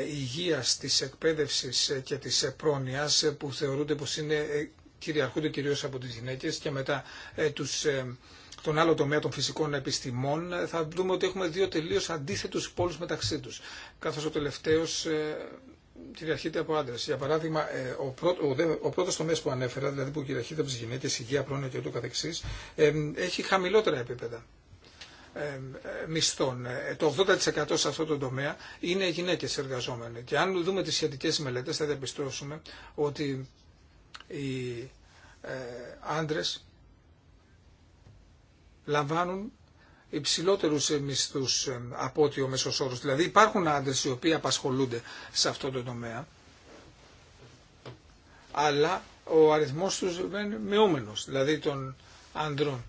υγείας, της εκπαίδευσης και της πρόνοιας που θεωρούνται πως είναι, κυριαρχούνται κυρίως από τις γυναίκες και μετά τους τον άλλο τομέα των φυσικών επιστημών, θα δούμε ότι έχουμε δύο τελείως αντίθετους πόλους μεταξύ τους. Καθώς ο τελευταίος κυριαρχείται από άντρε. Για παράδειγμα, ε, ο, πρώτο, ο, πρώτος τομέας που ανέφερα, δηλαδή που κυριαρχείται από τι γυναίκε, υγεία, πρόνοια και ούτω καθεξής, έχει χαμηλότερα επίπεδα ε, μισθών. Ε, το 80% σε αυτό το τομέα είναι γυναίκες εργαζόμενοι. Και αν δούμε τις σχετικές μελέτες θα διαπιστώσουμε ότι οι άντρες λαμβάνουν υψηλότερου μισθού ε, από ό,τι ο μέσο όρο. Δηλαδή υπάρχουν άντρε οι οποίοι απασχολούνται σε αυτό το τομέα, αλλά ο αριθμό του είναι μειούμενο, δηλαδή των άντρων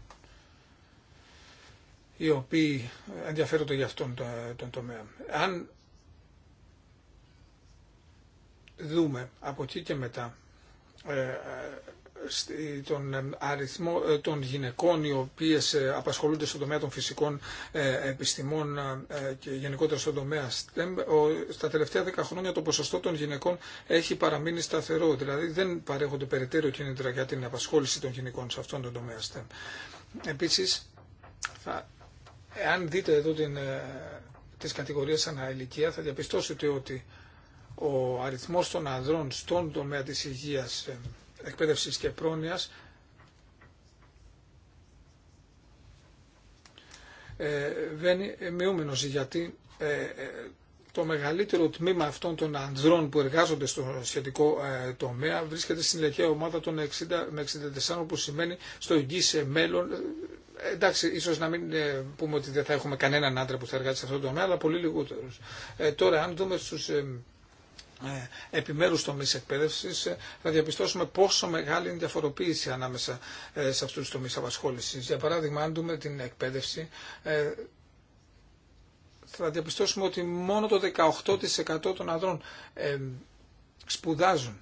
οι οποίοι ενδιαφέρονται για αυτόν τον τομέα. Αν δούμε από εκεί και μετά ε, ε, τον ε, αριθμό ε, των γυναικών οι οποίες ε, απασχολούνται στον τομέα των φυσικών επιστημών και γενικότερα στον τομέα STEM, στα τελευταία δέκα χρόνια το ποσοστό των γυναικών έχει παραμείνει σταθερό. Δηλαδή δεν παρέχονται περαιτέρω κίνητρα για την απασχόληση των γυναικών σε αυτόν τον τομέα STEM. Επίσης, αν δείτε εδώ την, τις κατηγορίες θα διαπιστώσετε ότι ο αριθμός των ανδρών στον τομέα της υγείας Εκπαίδευση και Ε, βαίνει μειούμενος γιατί ε, ε, το μεγαλύτερο τμήμα αυτών των ανδρών που εργάζονται στο σχετικό ε, τομέα βρίσκεται στην ηλικία ομάδα των 60 με 64 που σημαίνει στο εγγύς μέλλον εντάξει, ίσω να μην πούμε ότι δεν θα έχουμε κανέναν άντρα που θα εργάζεται σε αυτό το τομέα, αλλά πολύ λιγότερου. τώρα, αν δούμε στου ε, επιμέρους τομείς εκπαίδευσης θα ε, διαπιστώσουμε πόσο μεγάλη είναι η διαφοροποίηση ανάμεσα ε, σε αυτούς τους τομείς απασχόλησης. Για παράδειγμα, αν δούμε την εκπαίδευση, θα διαπιστώσουμε ότι μόνο το 18% των ανδρών σπουδάζουν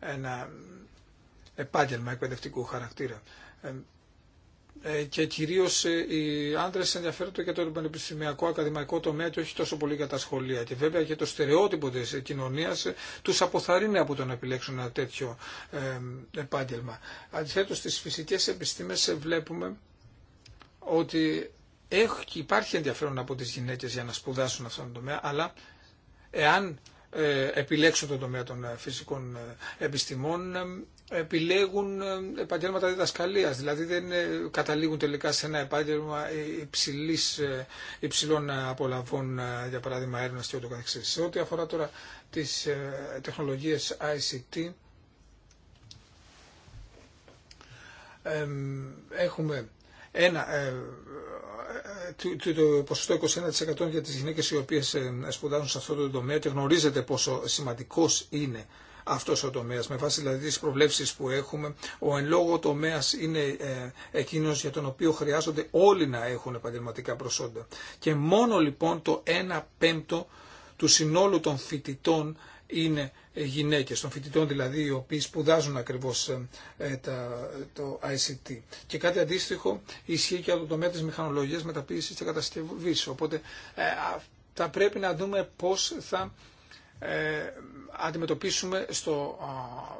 ένα επάγγελμα εκπαιδευτικού χαρακτήρα. Ε, και κυρίω ε, οι άντρε ενδιαφέρονται για το πανεπιστημιακό ακαδημαϊκό τομέα και όχι τόσο πολύ για τα σχολεία. Και βέβαια και το στερεότυπο τη κοινωνία ε, του αποθαρρύνει από το να επιλέξουν ένα τέτοιο επάγγελμα. Αντιθέτω, στι φυσικέ επιστήμε βλέπουμε ότι υπάρχει ενδιαφέρον από τι γυναίκε για να σπουδάσουν αυτόν τον τομέα, αλλά εάν επιλέξουν τον τομέα των φυσικών επιστημών επιλέγουν ε, επαγγέλματα διδασκαλία, δηλαδή δεν ε, καταλήγουν τελικά σε ένα επάγγελμα ε, υψηλής, υψηλών απολαβών, για παράδειγμα έρευνα και ούτω Σε ό,τι αφορά τώρα τις τεχνολογίες ICT, έχουμε ένα, το ποσοστό 21% για τις γυναίκες οι οποίες σπουδάζουν σε αυτό το τομέα και γνωρίζετε πόσο σημαντικός είναι αυτός ο τομέας. Με βάση δηλαδή τις προβλέψεις που έχουμε, ο εν λόγω τομέας είναι ε, εκείνος για τον οποίο χρειάζονται όλοι να έχουν επαγγελματικά προσόντα. Και μόνο λοιπόν το 1 πέμπτο του συνόλου των φοιτητών είναι γυναίκες, των φοιτητών δηλαδή οι οποίοι σπουδάζουν ακριβώς ε, ε το ICT. Και κάτι αντίστοιχο ισχύει και από το τομέα της μηχανολογίας, μεταποίησης και κατασκευής. Οπότε ε, θα πρέπει να δούμε πώς θα ε, αντιμετωπίσουμε στο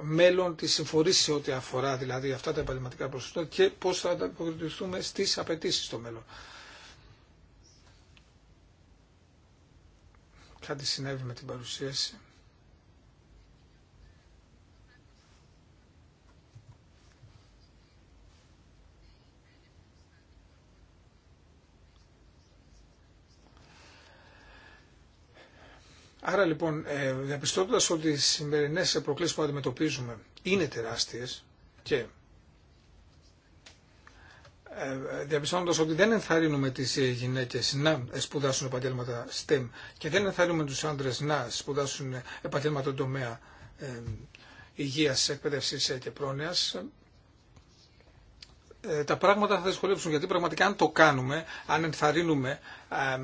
μέλλον τη συμφορή σε ό,τι αφορά δηλαδή αυτά τα επαγγελματικά προσωπικά και πώς θα ανταποκριθούμε στις απαιτήσει στο μέλλον. Κάτι συνέβη με την παρουσίαση. Άρα λοιπόν, ε, ότι οι σημερινέ προκλήσει που αντιμετωπίζουμε είναι τεράστιε και ε, διαπιστώνοντα ότι δεν ενθαρρύνουμε τι ε, γυναίκε να σπουδάσουν επαγγέλματα STEM και δεν ενθαρρύνουμε του άντρε να σπουδάσουν επαγγέλματα τομέα ε, υγεία, εκπαίδευση ε, και πρόνοια, ε, τα πράγματα θα δυσκολεύσουν γιατί πραγματικά αν το κάνουμε, αν ενθαρρύνουμε ε,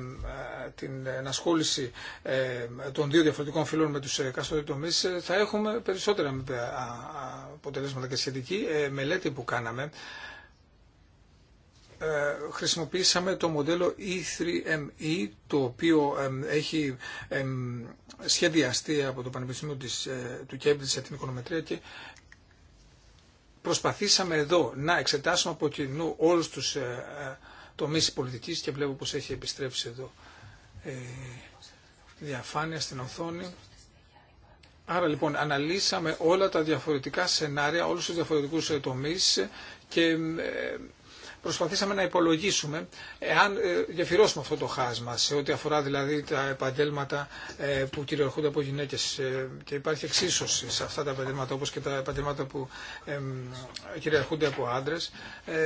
την ενασχόληση ε, των δύο διαφορετικών φύλων με τους εκάστοτε τομείς θα έχουμε περισσότερα αποτελέσματα και σχετική μελέτη που κάναμε χρησιμοποίησαμε το μοντέλο E3ME e, το οποίο έχει σχεδιαστεί από το Πανεπιστήμιο του Κέμπτη σε την οικονομετρία και προσπαθήσαμε εδώ να εξετάσουμε από κοινού όλους τους ε, ε, τομείς πολιτικής και βλέπω πως έχει επιστρέψει εδώ ε, διαφάνεια στην οθόνη. Άρα λοιπόν αναλύσαμε όλα τα διαφορετικά σενάρια, όλους τους διαφορετικούς ε, τομείς και προσπαθήσαμε να υπολογίσουμε εάν ε, γεφυρώσουμε αυτό το χάσμα σε ό,τι αφορά δηλαδή τα επαγγέλματα ε, που κυριαρχούνται από γυναίκες ε, και υπάρχει εξίσωση σε αυτά τα επαγγέλματα όπω και τα επαγγέλματα που κυριαρχούνται από άντρες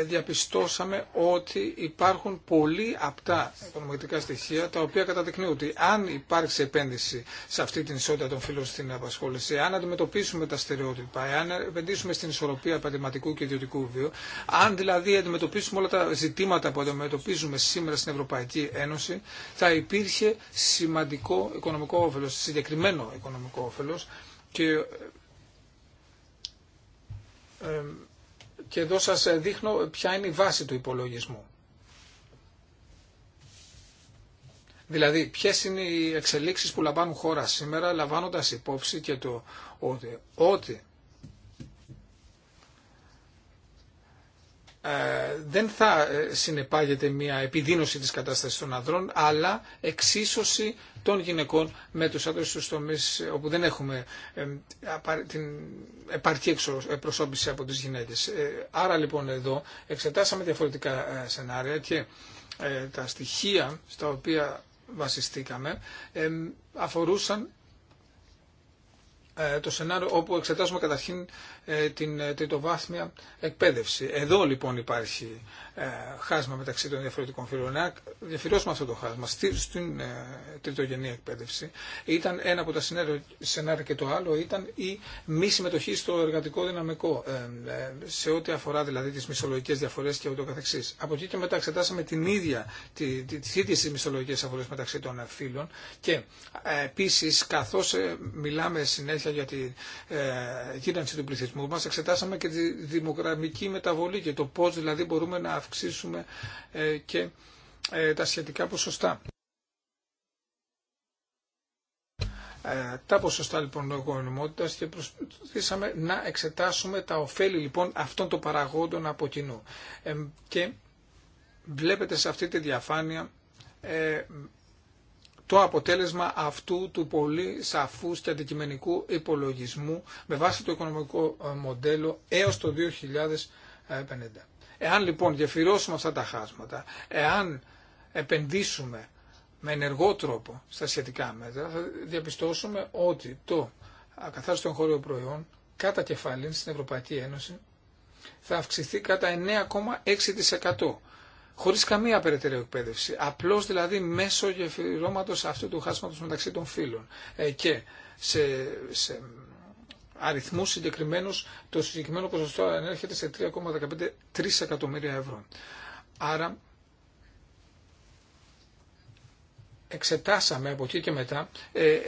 διαπιστώσαμε ότι υπάρχουν πολλοί απτά οικονομικά στοιχεία τα οποία καταδεικνύουν ότι αν υπάρξει επένδυση σε αυτή την ισότητα των φύλων στην απασχόληση, αν αντιμετωπίσουμε τα στερεότυπα, αν επενδύσουμε στην ισορροπία επαγγελματικού και ιδιωτικού βίου, αν δηλαδή αντιμετωπίσουμε με όλα τα ζητήματα που αντιμετωπίζουμε σήμερα στην Ευρωπαϊκή Ένωση, θα υπήρχε σημαντικό οικονομικό όφελος, συγκεκριμένο οικονομικό όφελος και και εδώ σας δείχνω ποια είναι η βάση του υπολογισμού. Δηλαδή, ποιε είναι οι εξελίξει που λαμβάνουν χώρα σήμερα, λαμβάνοντα υπόψη και το ότι, ότι Ε, δεν θα ε, συνεπάγεται μια επιδίνωση της κατάστασης των ανδρών, αλλά εξίσωση των γυναικών με τους άντρες στους τομείς ε, όπου δεν έχουμε την επαρκή προσώπηση από τις γυναίκες. Άρα λοιπόν εδώ εξετάσαμε διαφορετικά σενάρια και τα στοιχεία στα οποία βασιστήκαμε αφορούσαν το σενάριο όπου εξετάζουμε καταρχήν ε, την ε, τριτοβάθμια εκπαίδευση. Εδώ λοιπόν υπάρχει ε, χάσμα μεταξύ των διαφορετικών φύλων. Να διαφυρώσουμε αυτό το χάσμα στην τριτογενή εκπαίδευση. Ήταν ένα από τα σενάρια και το άλλο ήταν η μη συμμετοχή στο εργατικό δυναμικό σε ό,τι αφορά δηλαδή τις μισολογικές διαφορές και ούτω καθεξής. Από εκεί και μετά εξετάσαμε την ίδια, τη, τις ίδιες τις μισολογικές διαφορές μεταξύ των φύλων και επίσης καθώς μιλάμε συνέχεια για τη ε, γύρανση του πληθυσμού μας εξετάσαμε και τη δημογραμμική μεταβολή και το πώς δηλαδή μπορούμε να αυξήσουμε ε, και ε, τα σχετικά ποσοστά. Ε, τα ποσοστά λοιπόν λογονομότητας και προσπαθήσαμε να εξετάσουμε τα ωφέλη λοιπόν αυτών των παραγόντων από κοινού. και βλέπετε σε αυτή τη διαφάνεια το αποτέλεσμα αυτού του πολύ σαφούς και αντικειμενικού υπολογισμού με βάση το οικονομικό ε, μοντέλο έως το 2050. Εάν λοιπόν γεφυρώσουμε αυτά τα χάσματα, εάν επενδύσουμε με ενεργό τρόπο στα σχετικά μέτρα, θα διαπιστώσουμε ότι το ακαθάριστο εγχώριο προϊόν κατά κεφαλήν στην Ευρωπαϊκή Ένωση θα αυξηθεί κατά 9,6% χωρίς καμία περαιτέρω εκπαίδευση. Απλώς δηλαδή μέσω γεφυρώματος αυτού του χάσματος μεταξύ των φύλων. Ε, και σε, σε αριθμούς συγκεκριμένους το συγκεκριμένο ποσοστό ανέρχεται σε 3,15 εκατομμύρια ευρώ. Άρα εξετάσαμε από εκεί και μετά ε,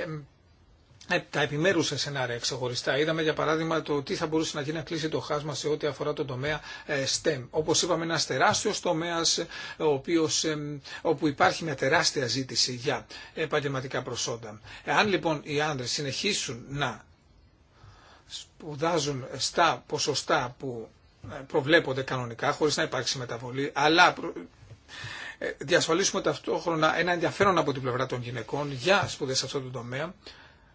ε, τα επιμέρου σενάρια ξεχωριστά. Είδαμε για παράδειγμα το τι θα μπορούσε να γίνει να κλείσει το χάσμα σε ό,τι αφορά το τομέα ε, STEM. Όπω είπαμε, ένα τεράστιο τομέα ε, όπου υπάρχει μια τεράστια ζήτηση για επαγγελματικά προσόντα. Εάν λοιπόν οι άντρε συνεχίσουν να σπουδάζουν στα ποσοστά που προβλέπονται κανονικά, χωρίς να υπάρξει μεταβολή, αλλά διασφαλίσουμε ταυτόχρονα ένα ενδιαφέρον από την πλευρά των γυναικών για σπουδές σε αυτό το τομέα,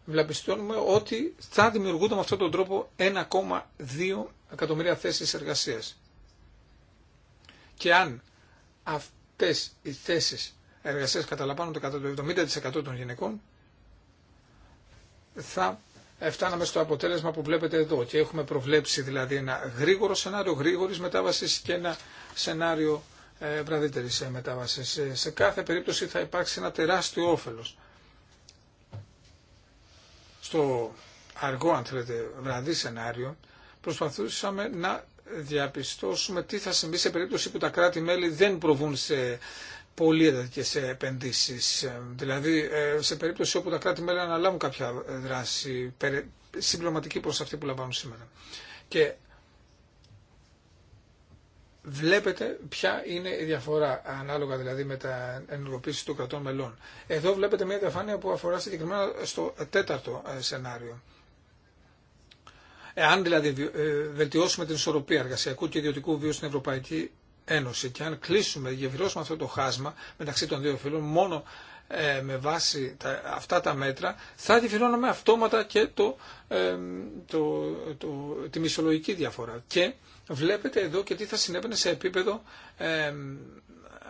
βλαπιστώνουμε ότι θα δημιουργούνται με αυτόν τον τρόπο 1,2 εκατομμύρια θέσεις εργασίας. Και αν αυτές οι θέσεις εργασίας καταλαμβάνονται κατά το 70% των γυναικών, θα φτάναμε στο αποτέλεσμα που βλέπετε εδώ και έχουμε προβλέψει δηλαδή ένα γρήγορο σενάριο γρήγορης μετάβασης και ένα σενάριο ε, βραδύτερης ε, μετάβασης. Ε, σε κάθε περίπτωση θα υπάρξει ένα τεράστιο όφελος στο αργό αν θέλετε βραδύ σενάριο προσπαθούσαμε να διαπιστώσουμε τι θα συμβεί σε περίπτωση που τα κράτη-μέλη δεν προβούν σε πολύ σε επενδύσεις. Δηλαδή ε, σε περίπτωση όπου τα κράτη-μέλη αναλάβουν κάποια δράση συμπληρωματική προς αυτή που λαμβάνουν σήμερα. Και βλέπετε ποια είναι η διαφορά, ανάλογα δηλαδή με τα ενεργοποίηση των κρατών μελών. Εδώ βλέπετε μια διαφάνεια που αφορά συγκεκριμένα στο τέταρτο ε, σενάριο. Εάν δηλαδή ε, βελτιώσουμε την ισορροπία εργασιακού και ιδιωτικού βίου στην Ευρωπαϊκή Ένωση και αν κλείσουμε, γεφυρώσουμε αυτό το χάσμα μεταξύ των δύο φίλων μόνο ε, με βάση τα, αυτά τα μέτρα θα γεφυρώνουμε αυτόματα και το, το, τη μισολογική διαφορά. Και βλέπετε εδώ και τι θα συνέβαινε σε επίπεδο ε,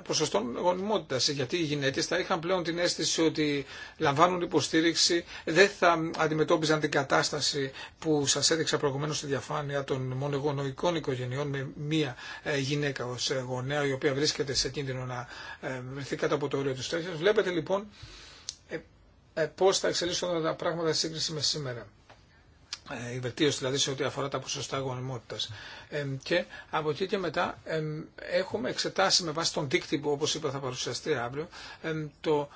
ποσοστών γονιμότητας, γιατί οι γυναίκες θα είχαν πλέον την αίσθηση ότι λαμβάνουν υποστήριξη, δεν θα αντιμετώπιζαν την κατάσταση που σας έδειξα προηγουμένως στη διαφάνεια των μονογονοϊκών οικογενειών με μία ε, γυναίκα ως ε, γονέα η οποία βρίσκεται σε κίνδυνο να ε, βρεθεί κατά από το όριο τη Βλέπετε λοιπόν πώς θα εξελίσσονται τα πράγματα σύγκριση με σήμερα. Ε, η βελτίωση δηλαδή σε ό,τι αφορά τα ποσοστά γονιμότητα. Ε, και από εκεί και μετά ε, έχουμε εξετάσει με βάση τον δίκτυο που όπως είπα θα παρουσιαστεί αύριο ε, το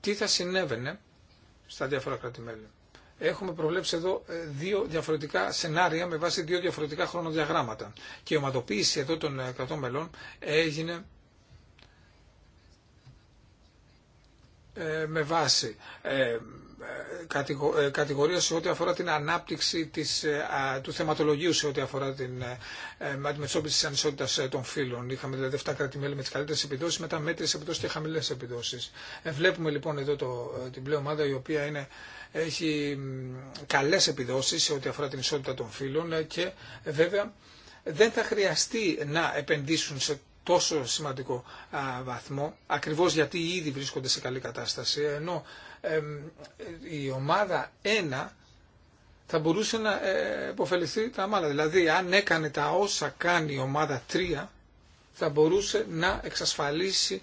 τι θα συνέβαινε στα διάφορα κράτη-μέλη. Έχουμε προβλέψει εδώ δύο διαφορετικά σενάρια με βάση δύο διαφορετικά χρονοδιαγράμματα. Και η ομαδοποίηση εδώ των κρατών μελών έγινε Ε, με βάση ε, ε, κατηγορία σε ό,τι αφορά την ανάπτυξη της, του θεματολογίου σε ό,τι αφορά την αντιμετώπιση τη ανισότητα των φύλων. Είχαμε δηλαδή 7 κράτη-μέλη με τι καλύτερε επιδόσεις, μετά μέτρες επιδόσεις και χαμηλέ επιδόσει. βλέπουμε λοιπόν εδώ το, την πλέον ομάδα η οποία είναι, έχει καλές επιδόσεις σε ό,τι αφορά την ισότητα των φύλων και βέβαια δεν θα χρειαστεί να επενδύσουν σε τόσο σημαντικό βαθμό, ακριβώς γιατί ήδη βρίσκονται σε καλή κατάσταση, ενώ η ομάδα 1 θα μπορούσε να υποφεληθεί ε, τα μάλλα. Δηλαδή, αν έκανε τα όσα κάνει η ομάδα 3, θα μπορούσε να εξασφαλίσει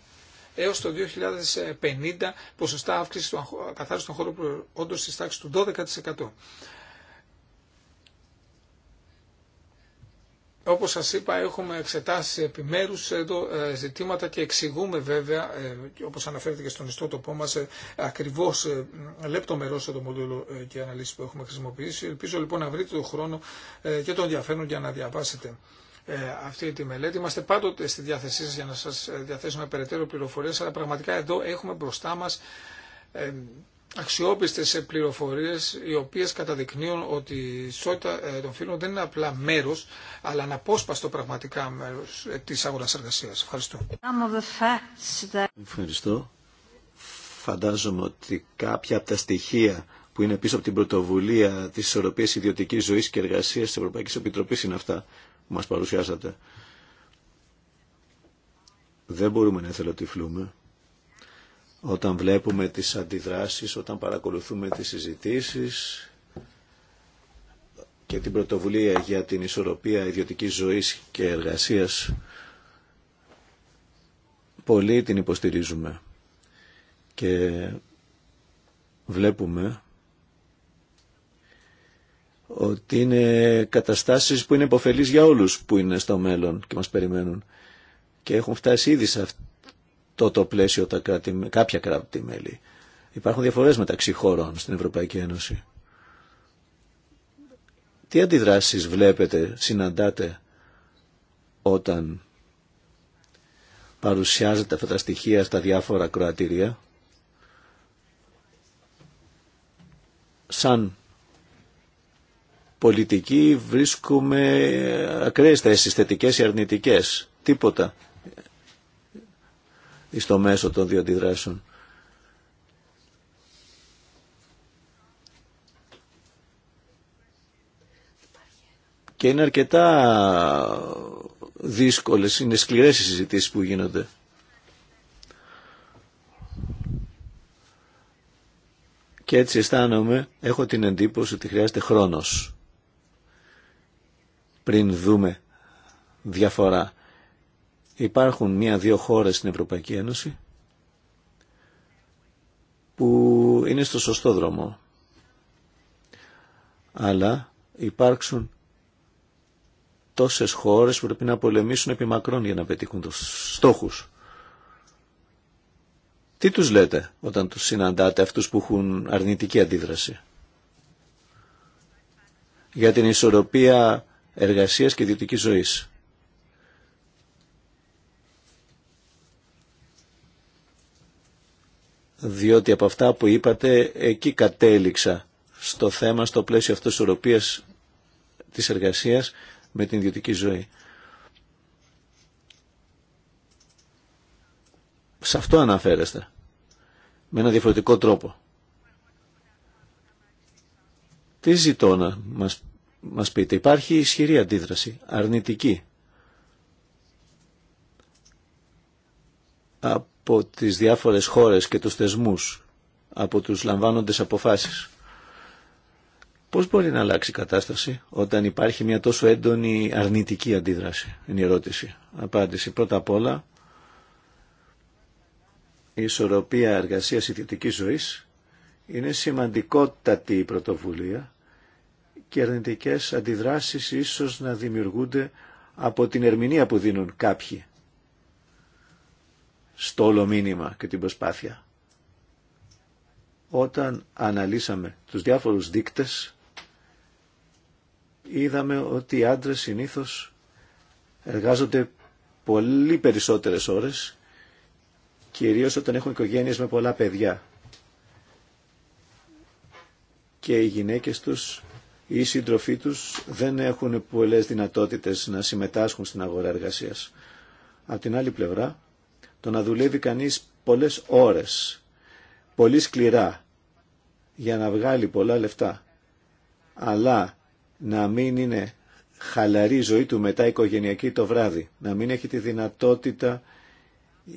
έως το 2050 ποσοστά αύξηση του ακαθάριστου των χώρων όντως στη του 12%. όπως σας είπα έχουμε εξετάσει επιμέρους εδώ ε, ζητήματα και εξηγούμε βέβαια, ε, όπως αναφέρθηκε και στον ιστότοπό μας, ε, ακριβώς λεπτομερώς το μοντέλο και ανάλυση που έχουμε χρησιμοποιήσει. Ελπίζω λοιπόν να βρείτε τον χρόνο και τον ενδιαφέρον για να διαβάσετε αυτή τη μελέτη. Είμαστε πάντοτε στη διάθεσή σας για να σας διαθέσουμε περαιτέρω πληροφορίες, αλλά πραγματικά εδώ έχουμε μπροστά μας αξιόπιστες πληροφορίες οι οποίες καταδεικνύουν ότι η ισότητα ε, των φύλων δεν είναι απλά μέρος αλλά αναπόσπαστο πραγματικά μέρος ε, της αγοράς εργασίας. Ευχαριστώ.
Ευχαριστώ. Φαντάζομαι ότι κάποια από τα στοιχεία που είναι πίσω από την πρωτοβουλία της ισορροπίας ιδιωτικής ζωής και εργασίας της Ευρωπαϊκής Επιτροπής είναι αυτά που μας παρουσιάσατε. Δεν μπορούμε να εθελοτυφλούμε όταν βλέπουμε τις αντιδράσεις, όταν παρακολουθούμε τις συζητήσεις και την πρωτοβουλία για την ισορροπία ιδιωτικής ζωής και εργασίας, πολύ την υποστηρίζουμε και βλέπουμε ότι είναι καταστάσεις που είναι υποφελείς για όλους που είναι στο μέλλον και μας περιμένουν και έχουν φτάσει ήδη σε αυτή το πλαίσιο τα κράτη, κάποια κράτη-μέλη. Υπάρχουν διαφορές μεταξύ χωρών στην Ευρωπαϊκή Ένωση. Τι αντιδράσεις βλέπετε, συναντάτε όταν παρουσιάζετε αυτά τα στοιχεία στα διάφορα κροατήρια σαν πολιτικοί βρίσκουμε ακραίες θέσεις θετικές ή αρνητικές τίποτα στο μέσο των δύο αντιδράσεων. Και είναι αρκετά δύσκολες, είναι σκληρές οι συζητήσεις που γίνονται. Και έτσι αισθάνομαι, έχω την εντύπωση ότι χρειάζεται χρόνος πριν δούμε διαφορά Υπάρχουν μία-δύο χώρες στην Ευρωπαϊκή Ένωση που είναι στο σωστό δρόμο. Αλλά υπάρξουν τόσες χώρες που πρέπει να πολεμήσουν επί για να πετύχουν τους στόχους. Τι τους λέτε όταν τους συναντάτε αυτούς που έχουν αρνητική αντίδραση. Για την ισορροπία εργασίας και ιδιωτικής ζωής. διότι από αυτά που είπατε εκεί κατέληξα στο θέμα, στο πλαίσιο αυτός της της εργασίας με την ιδιωτική ζωή. Σε αυτό αναφέρεστε, με ένα διαφορετικό τρόπο. Τι ζητώ να μας, μας πείτε, υπάρχει ισχυρή αντίδραση, αρνητική. από τις διάφορες χώρες και τους θεσμούς, από τους λαμβάνοντες αποφάσεις. Πώς μπορεί να αλλάξει η κατάσταση όταν υπάρχει μια τόσο έντονη αρνητική αντίδραση, είναι η ερώτηση. Απάντηση πρώτα απ' όλα, η ισορροπία εργασίας ιδιωτικής ζωής είναι σημαντικότατη η πρωτοβουλία και αρνητικές αντιδράσεις ίσως να δημιουργούνται από την ερμηνεία που δίνουν κάποιοι στο όλο μήνυμα και την προσπάθεια. Όταν αναλύσαμε τους διάφορους δείκτες, είδαμε ότι οι άντρες συνήθως εργάζονται πολύ περισσότερες ώρες, κυρίως όταν έχουν οικογένειες με πολλά παιδιά. Και οι γυναίκες τους ή οι σύντροφοί τους δεν έχουν πολλές δυνατότητες να συμμετάσχουν στην αγορά εργασίας. Από την άλλη πλευρά, το να δουλεύει κανείς πολλές ώρες, πολύ σκληρά, για να βγάλει πολλά λεφτά, αλλά να μην είναι χαλαρή η ζωή του μετά οικογενειακή το βράδυ, να μην έχει τη δυνατότητα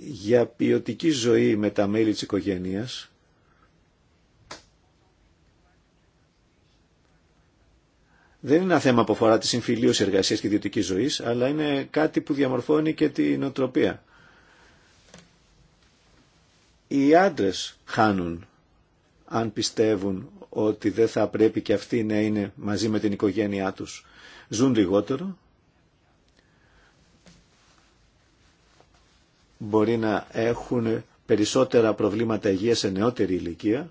για ποιοτική ζωή με τα μέλη της οικογένειας, δεν είναι ένα θέμα που αφορά τη συμφιλίωση εργασίας και ιδιωτικής ζωής, αλλά είναι κάτι που διαμορφώνει και την οτροπία οι άντρες χάνουν αν πιστεύουν ότι δεν θα πρέπει και αυτοί να είναι μαζί με την οικογένειά τους. Ζουν λιγότερο. Μπορεί να έχουν περισσότερα προβλήματα υγείας σε νεότερη ηλικία.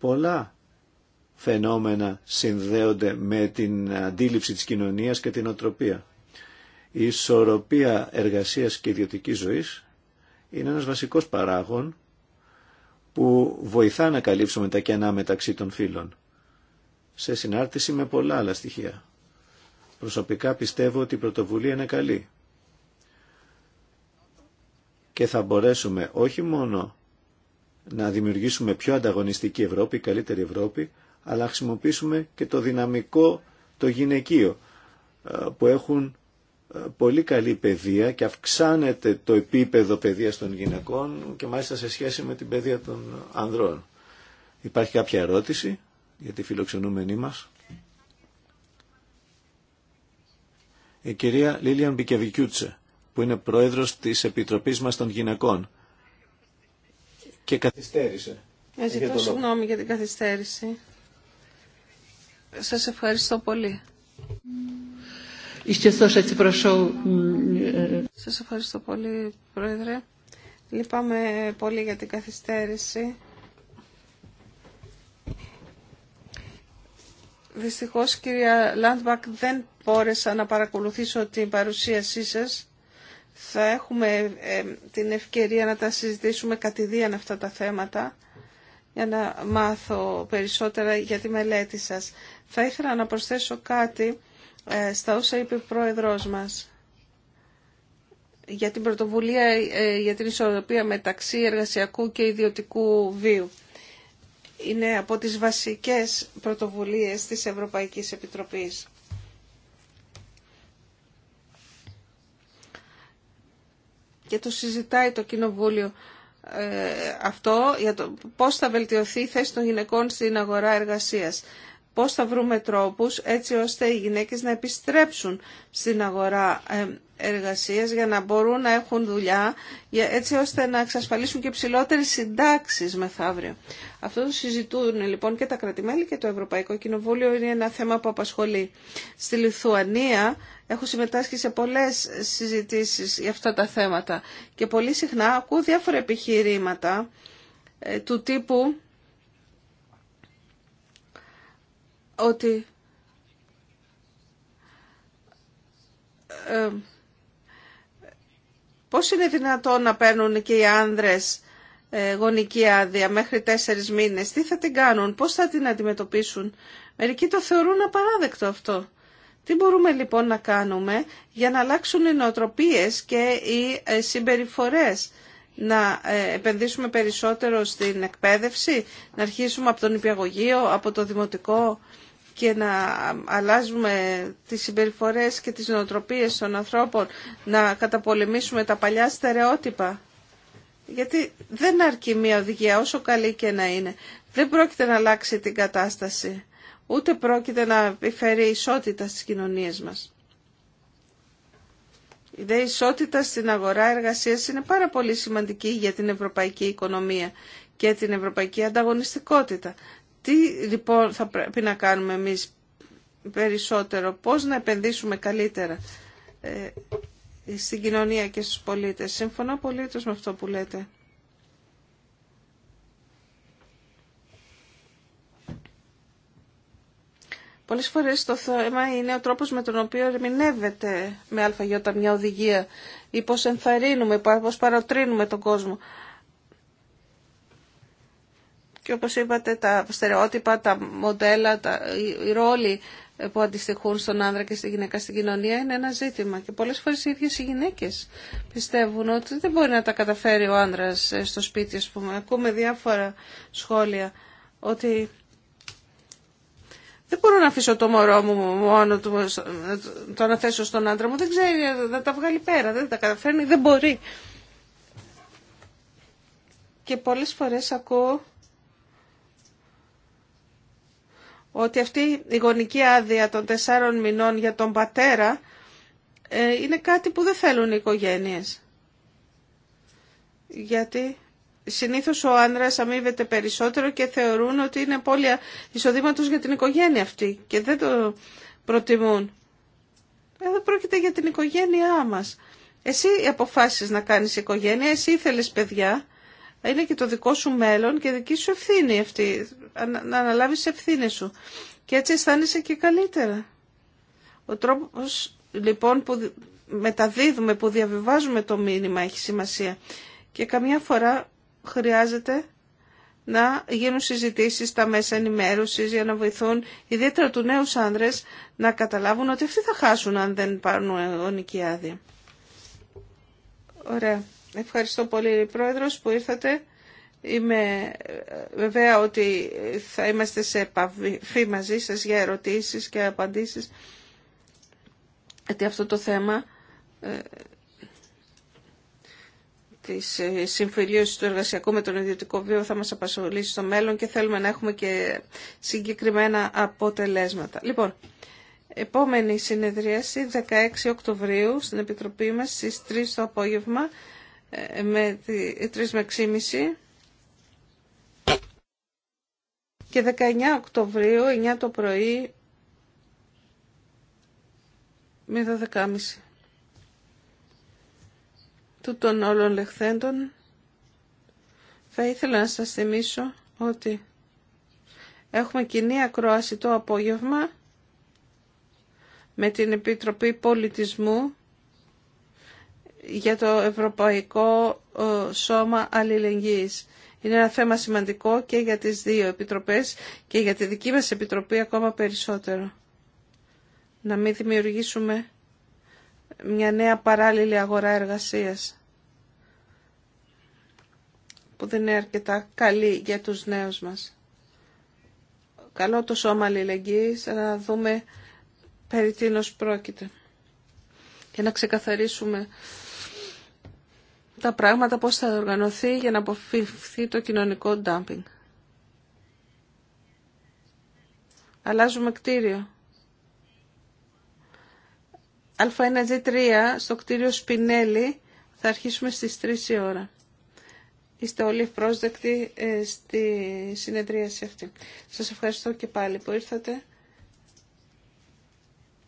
Πολλά φαινόμενα συνδέονται με την αντίληψη της κοινωνίας και την οτροπία. Η ισορροπία εργασίας και ιδιωτικής ζωής είναι ένας βασικός παράγων που βοηθά να καλύψουμε τα κενά μεταξύ των φίλων σε συνάρτηση με πολλά άλλα στοιχεία. Προσωπικά πιστεύω ότι η πρωτοβουλία είναι καλή και θα μπορέσουμε όχι μόνο να δημιουργήσουμε πιο ανταγωνιστική Ευρώπη, καλύτερη Ευρώπη, αλλά να χρησιμοποιήσουμε και το δυναμικό το γυναικείο ε, που έχουν πολύ καλή παιδεία και αυξάνεται το επίπεδο παιδείας των γυναικών και μάλιστα σε σχέση με την παιδεία των ανδρών. Υπάρχει κάποια ερώτηση για τη φιλοξενούμενή μας. Η κυρία Λίλιαν Μπικεβικιούτσε, που είναι πρόεδρος της Επιτροπής μας των Γυναικών και καθυστέρησε. Ε, ζητώ συγγνώμη
για την καθυστέρηση. Σας ευχαριστώ πολύ. Σας ευχαριστώ πολύ, Πρόεδρε. Λυπάμαι πολύ για την καθυστέρηση. Δυστυχώς, κυρία Λάντμπακ, δεν μπόρεσα να παρακολουθήσω την παρουσίασή σας. Θα έχουμε ε, την ευκαιρία να τα συζητήσουμε κατηδίαν αυτά τα θέματα για να μάθω περισσότερα για τη μελέτη σας. Θα ήθελα να προσθέσω κάτι ε, στα όσα είπε ο πρόεδρός μας για την πρωτοβουλία ε, για την ισορροπία μεταξύ εργασιακού και ιδιωτικού βίου. Είναι από τις βασικές πρωτοβουλίες της Ευρωπαϊκής Επιτροπής. Και το συζητάει το Κοινοβούλιο ε, αυτό για το πώς θα βελτιωθεί η θέση των γυναικών στην αγορά εργασίας πώς θα βρούμε τρόπους έτσι ώστε οι γυναίκες να επιστρέψουν στην αγορά ε, εργασίας για να μπορούν να έχουν δουλειά έτσι ώστε να εξασφαλίσουν και ψηλότερες συντάξεις μεθαύριο. Αυτό το συζητούν λοιπόν και τα κρατημέλη και το Ευρωπαϊκό Κοινοβούλιο είναι ένα θέμα που απασχολεί. Στη Λιθουανία έχω συμμετάσχει σε πολλές συζητήσεις για αυτά τα θέματα και πολύ συχνά ακούω διάφορα επιχειρήματα ε, του τύπου ότι ε, πώς είναι δυνατόν να παίρνουν και οι άνδρες ε, γονική άδεια μέχρι τέσσερις μήνες, τι θα την κάνουν, πώς θα την αντιμετωπίσουν. Μερικοί το θεωρούν απαράδεκτο αυτό. Τι μπορούμε λοιπόν να κάνουμε για να αλλάξουν οι νοοτροπίες και οι ε, συμπεριφορές. Να ε, επενδύσουμε περισσότερο στην εκπαίδευση, να αρχίσουμε από τον υπηαγωγείο, από το δημοτικό και να αλλάζουμε τις συμπεριφορές και τις νοοτροπίες των ανθρώπων, να καταπολεμήσουμε τα παλιά στερεότυπα. Γιατί δεν αρκεί μια οδηγία, όσο καλή και να είναι. Δεν πρόκειται να αλλάξει την κατάσταση. Ούτε πρόκειται να επιφέρει ισότητα στις κοινωνίες μας. Η δε ισότητα στην αγορά εργασίας είναι πάρα πολύ σημαντική για την ευρωπαϊκή οικονομία και την ευρωπαϊκή ανταγωνιστικότητα. Τι λοιπόν θα πρέπει να κάνουμε εμείς περισσότερο, πώς να επενδύσουμε καλύτερα ε, στην κοινωνία και στους πολίτες. Συμφωνώ πολύ με αυτό που λέτε. Πολλές φορές το θέμα είναι ο τρόπος με τον οποίο ερμηνεύεται με αλφαγιώτα μια οδηγία ή πώς ενθαρρύνουμε, πώς παροτρύνουμε τον κόσμο και όπως είπατε τα στερεότυπα, τα μοντέλα, τα, οι ρόλοι που αντιστοιχούν στον άνδρα και στη γυναίκα στην κοινωνία είναι ένα ζήτημα. Και πολλές φορές οι ίδιες οι γυναίκες πιστεύουν ότι δεν μπορεί να τα καταφέρει ο άνδρας ε, στο σπίτι, ας πούμε. Ακούμε διάφορα σχόλια ότι δεν μπορώ να αφήσω το μωρό μου μόνο του, ε, ε, το να θέσω στον άντρα μου. Δεν ξέρει να τα βγάλει πέρα, δεν τα καταφέρνει, δεν μπορεί. Και πολλές φορές ακούω ότι αυτή η γονική άδεια των τεσσάρων μηνών για τον πατέρα ε, είναι κάτι που δεν θέλουν οι οικογένειες. Γιατί συνήθως ο άνδρας αμείβεται περισσότερο και θεωρούν ότι είναι απώλεια εισοδήματος για την οικογένεια αυτή και δεν το προτιμούν. Εδώ πρόκειται για την οικογένειά μας. Εσύ αποφάσισες να κάνεις οικογένεια, εσύ ήθελες παιδιά είναι και το δικό σου μέλλον και δική σου ευθύνη αυτή, να αναλάβεις ευθύνη σου. Και έτσι αισθάνεσαι και καλύτερα. Ο τρόπος λοιπόν που μεταδίδουμε, που διαβιβάζουμε το μήνυμα έχει σημασία. Και καμιά φορά χρειάζεται να γίνουν συζητήσεις στα μέσα ενημέρωσης για να βοηθούν ιδιαίτερα του νέου άντρε να καταλάβουν ότι αυτοί θα χάσουν αν δεν πάρουν γονική άδεια. Ωραία. Ευχαριστώ πολύ, Πρόεδρος, που ήρθατε. Είμαι ε, βεβαία ότι θα είμαστε σε επαφή μαζί σας για ερωτήσεις και απαντήσεις γιατί αυτό το θέμα ε, της ε, συμφιλίωσης του εργασιακού με τον ιδιωτικό βίο θα μας απασχολήσει στο μέλλον και θέλουμε να έχουμε και συγκεκριμένα αποτελέσματα. Λοιπόν, επόμενη συνεδρίαση 16 Οκτωβρίου στην Επιτροπή μας στις 3 το απόγευμα ε, με 3 με 6,5 και 19 Οκτωβρίου 9 το πρωί με Του των όλων λεχθέντων θα ήθελα να σας θυμίσω ότι έχουμε κοινή ακρόαση το απόγευμα με την Επιτροπή Πολιτισμού για το Ευρωπαϊκό ε, Σώμα Αλληλεγγύης. Είναι ένα θέμα σημαντικό και για τις δύο επιτροπές και για τη δική μας επιτροπή ακόμα περισσότερο. Να μην δημιουργήσουμε μια νέα παράλληλη αγορά εργασίας που δεν είναι αρκετά καλή για τους νέους μας. Καλό το σώμα αλληλεγγύης να δούμε περί τίνος πρόκειται και να ξεκαθαρίσουμε τα πράγματα πώς θα οργανωθεί για να αποφυφθεί το κοινωνικό ντάμπινγκ. Αλλάζουμε κτίριο. Α1G3 στο κτίριο Σπινέλη θα αρχίσουμε στις 3 η ώρα. Είστε όλοι ευπρόσδεκτοι ε, στη συνεδρίαση αυτή. Σας ευχαριστώ και πάλι που ήρθατε.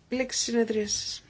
Λέξη συνεδρίασης.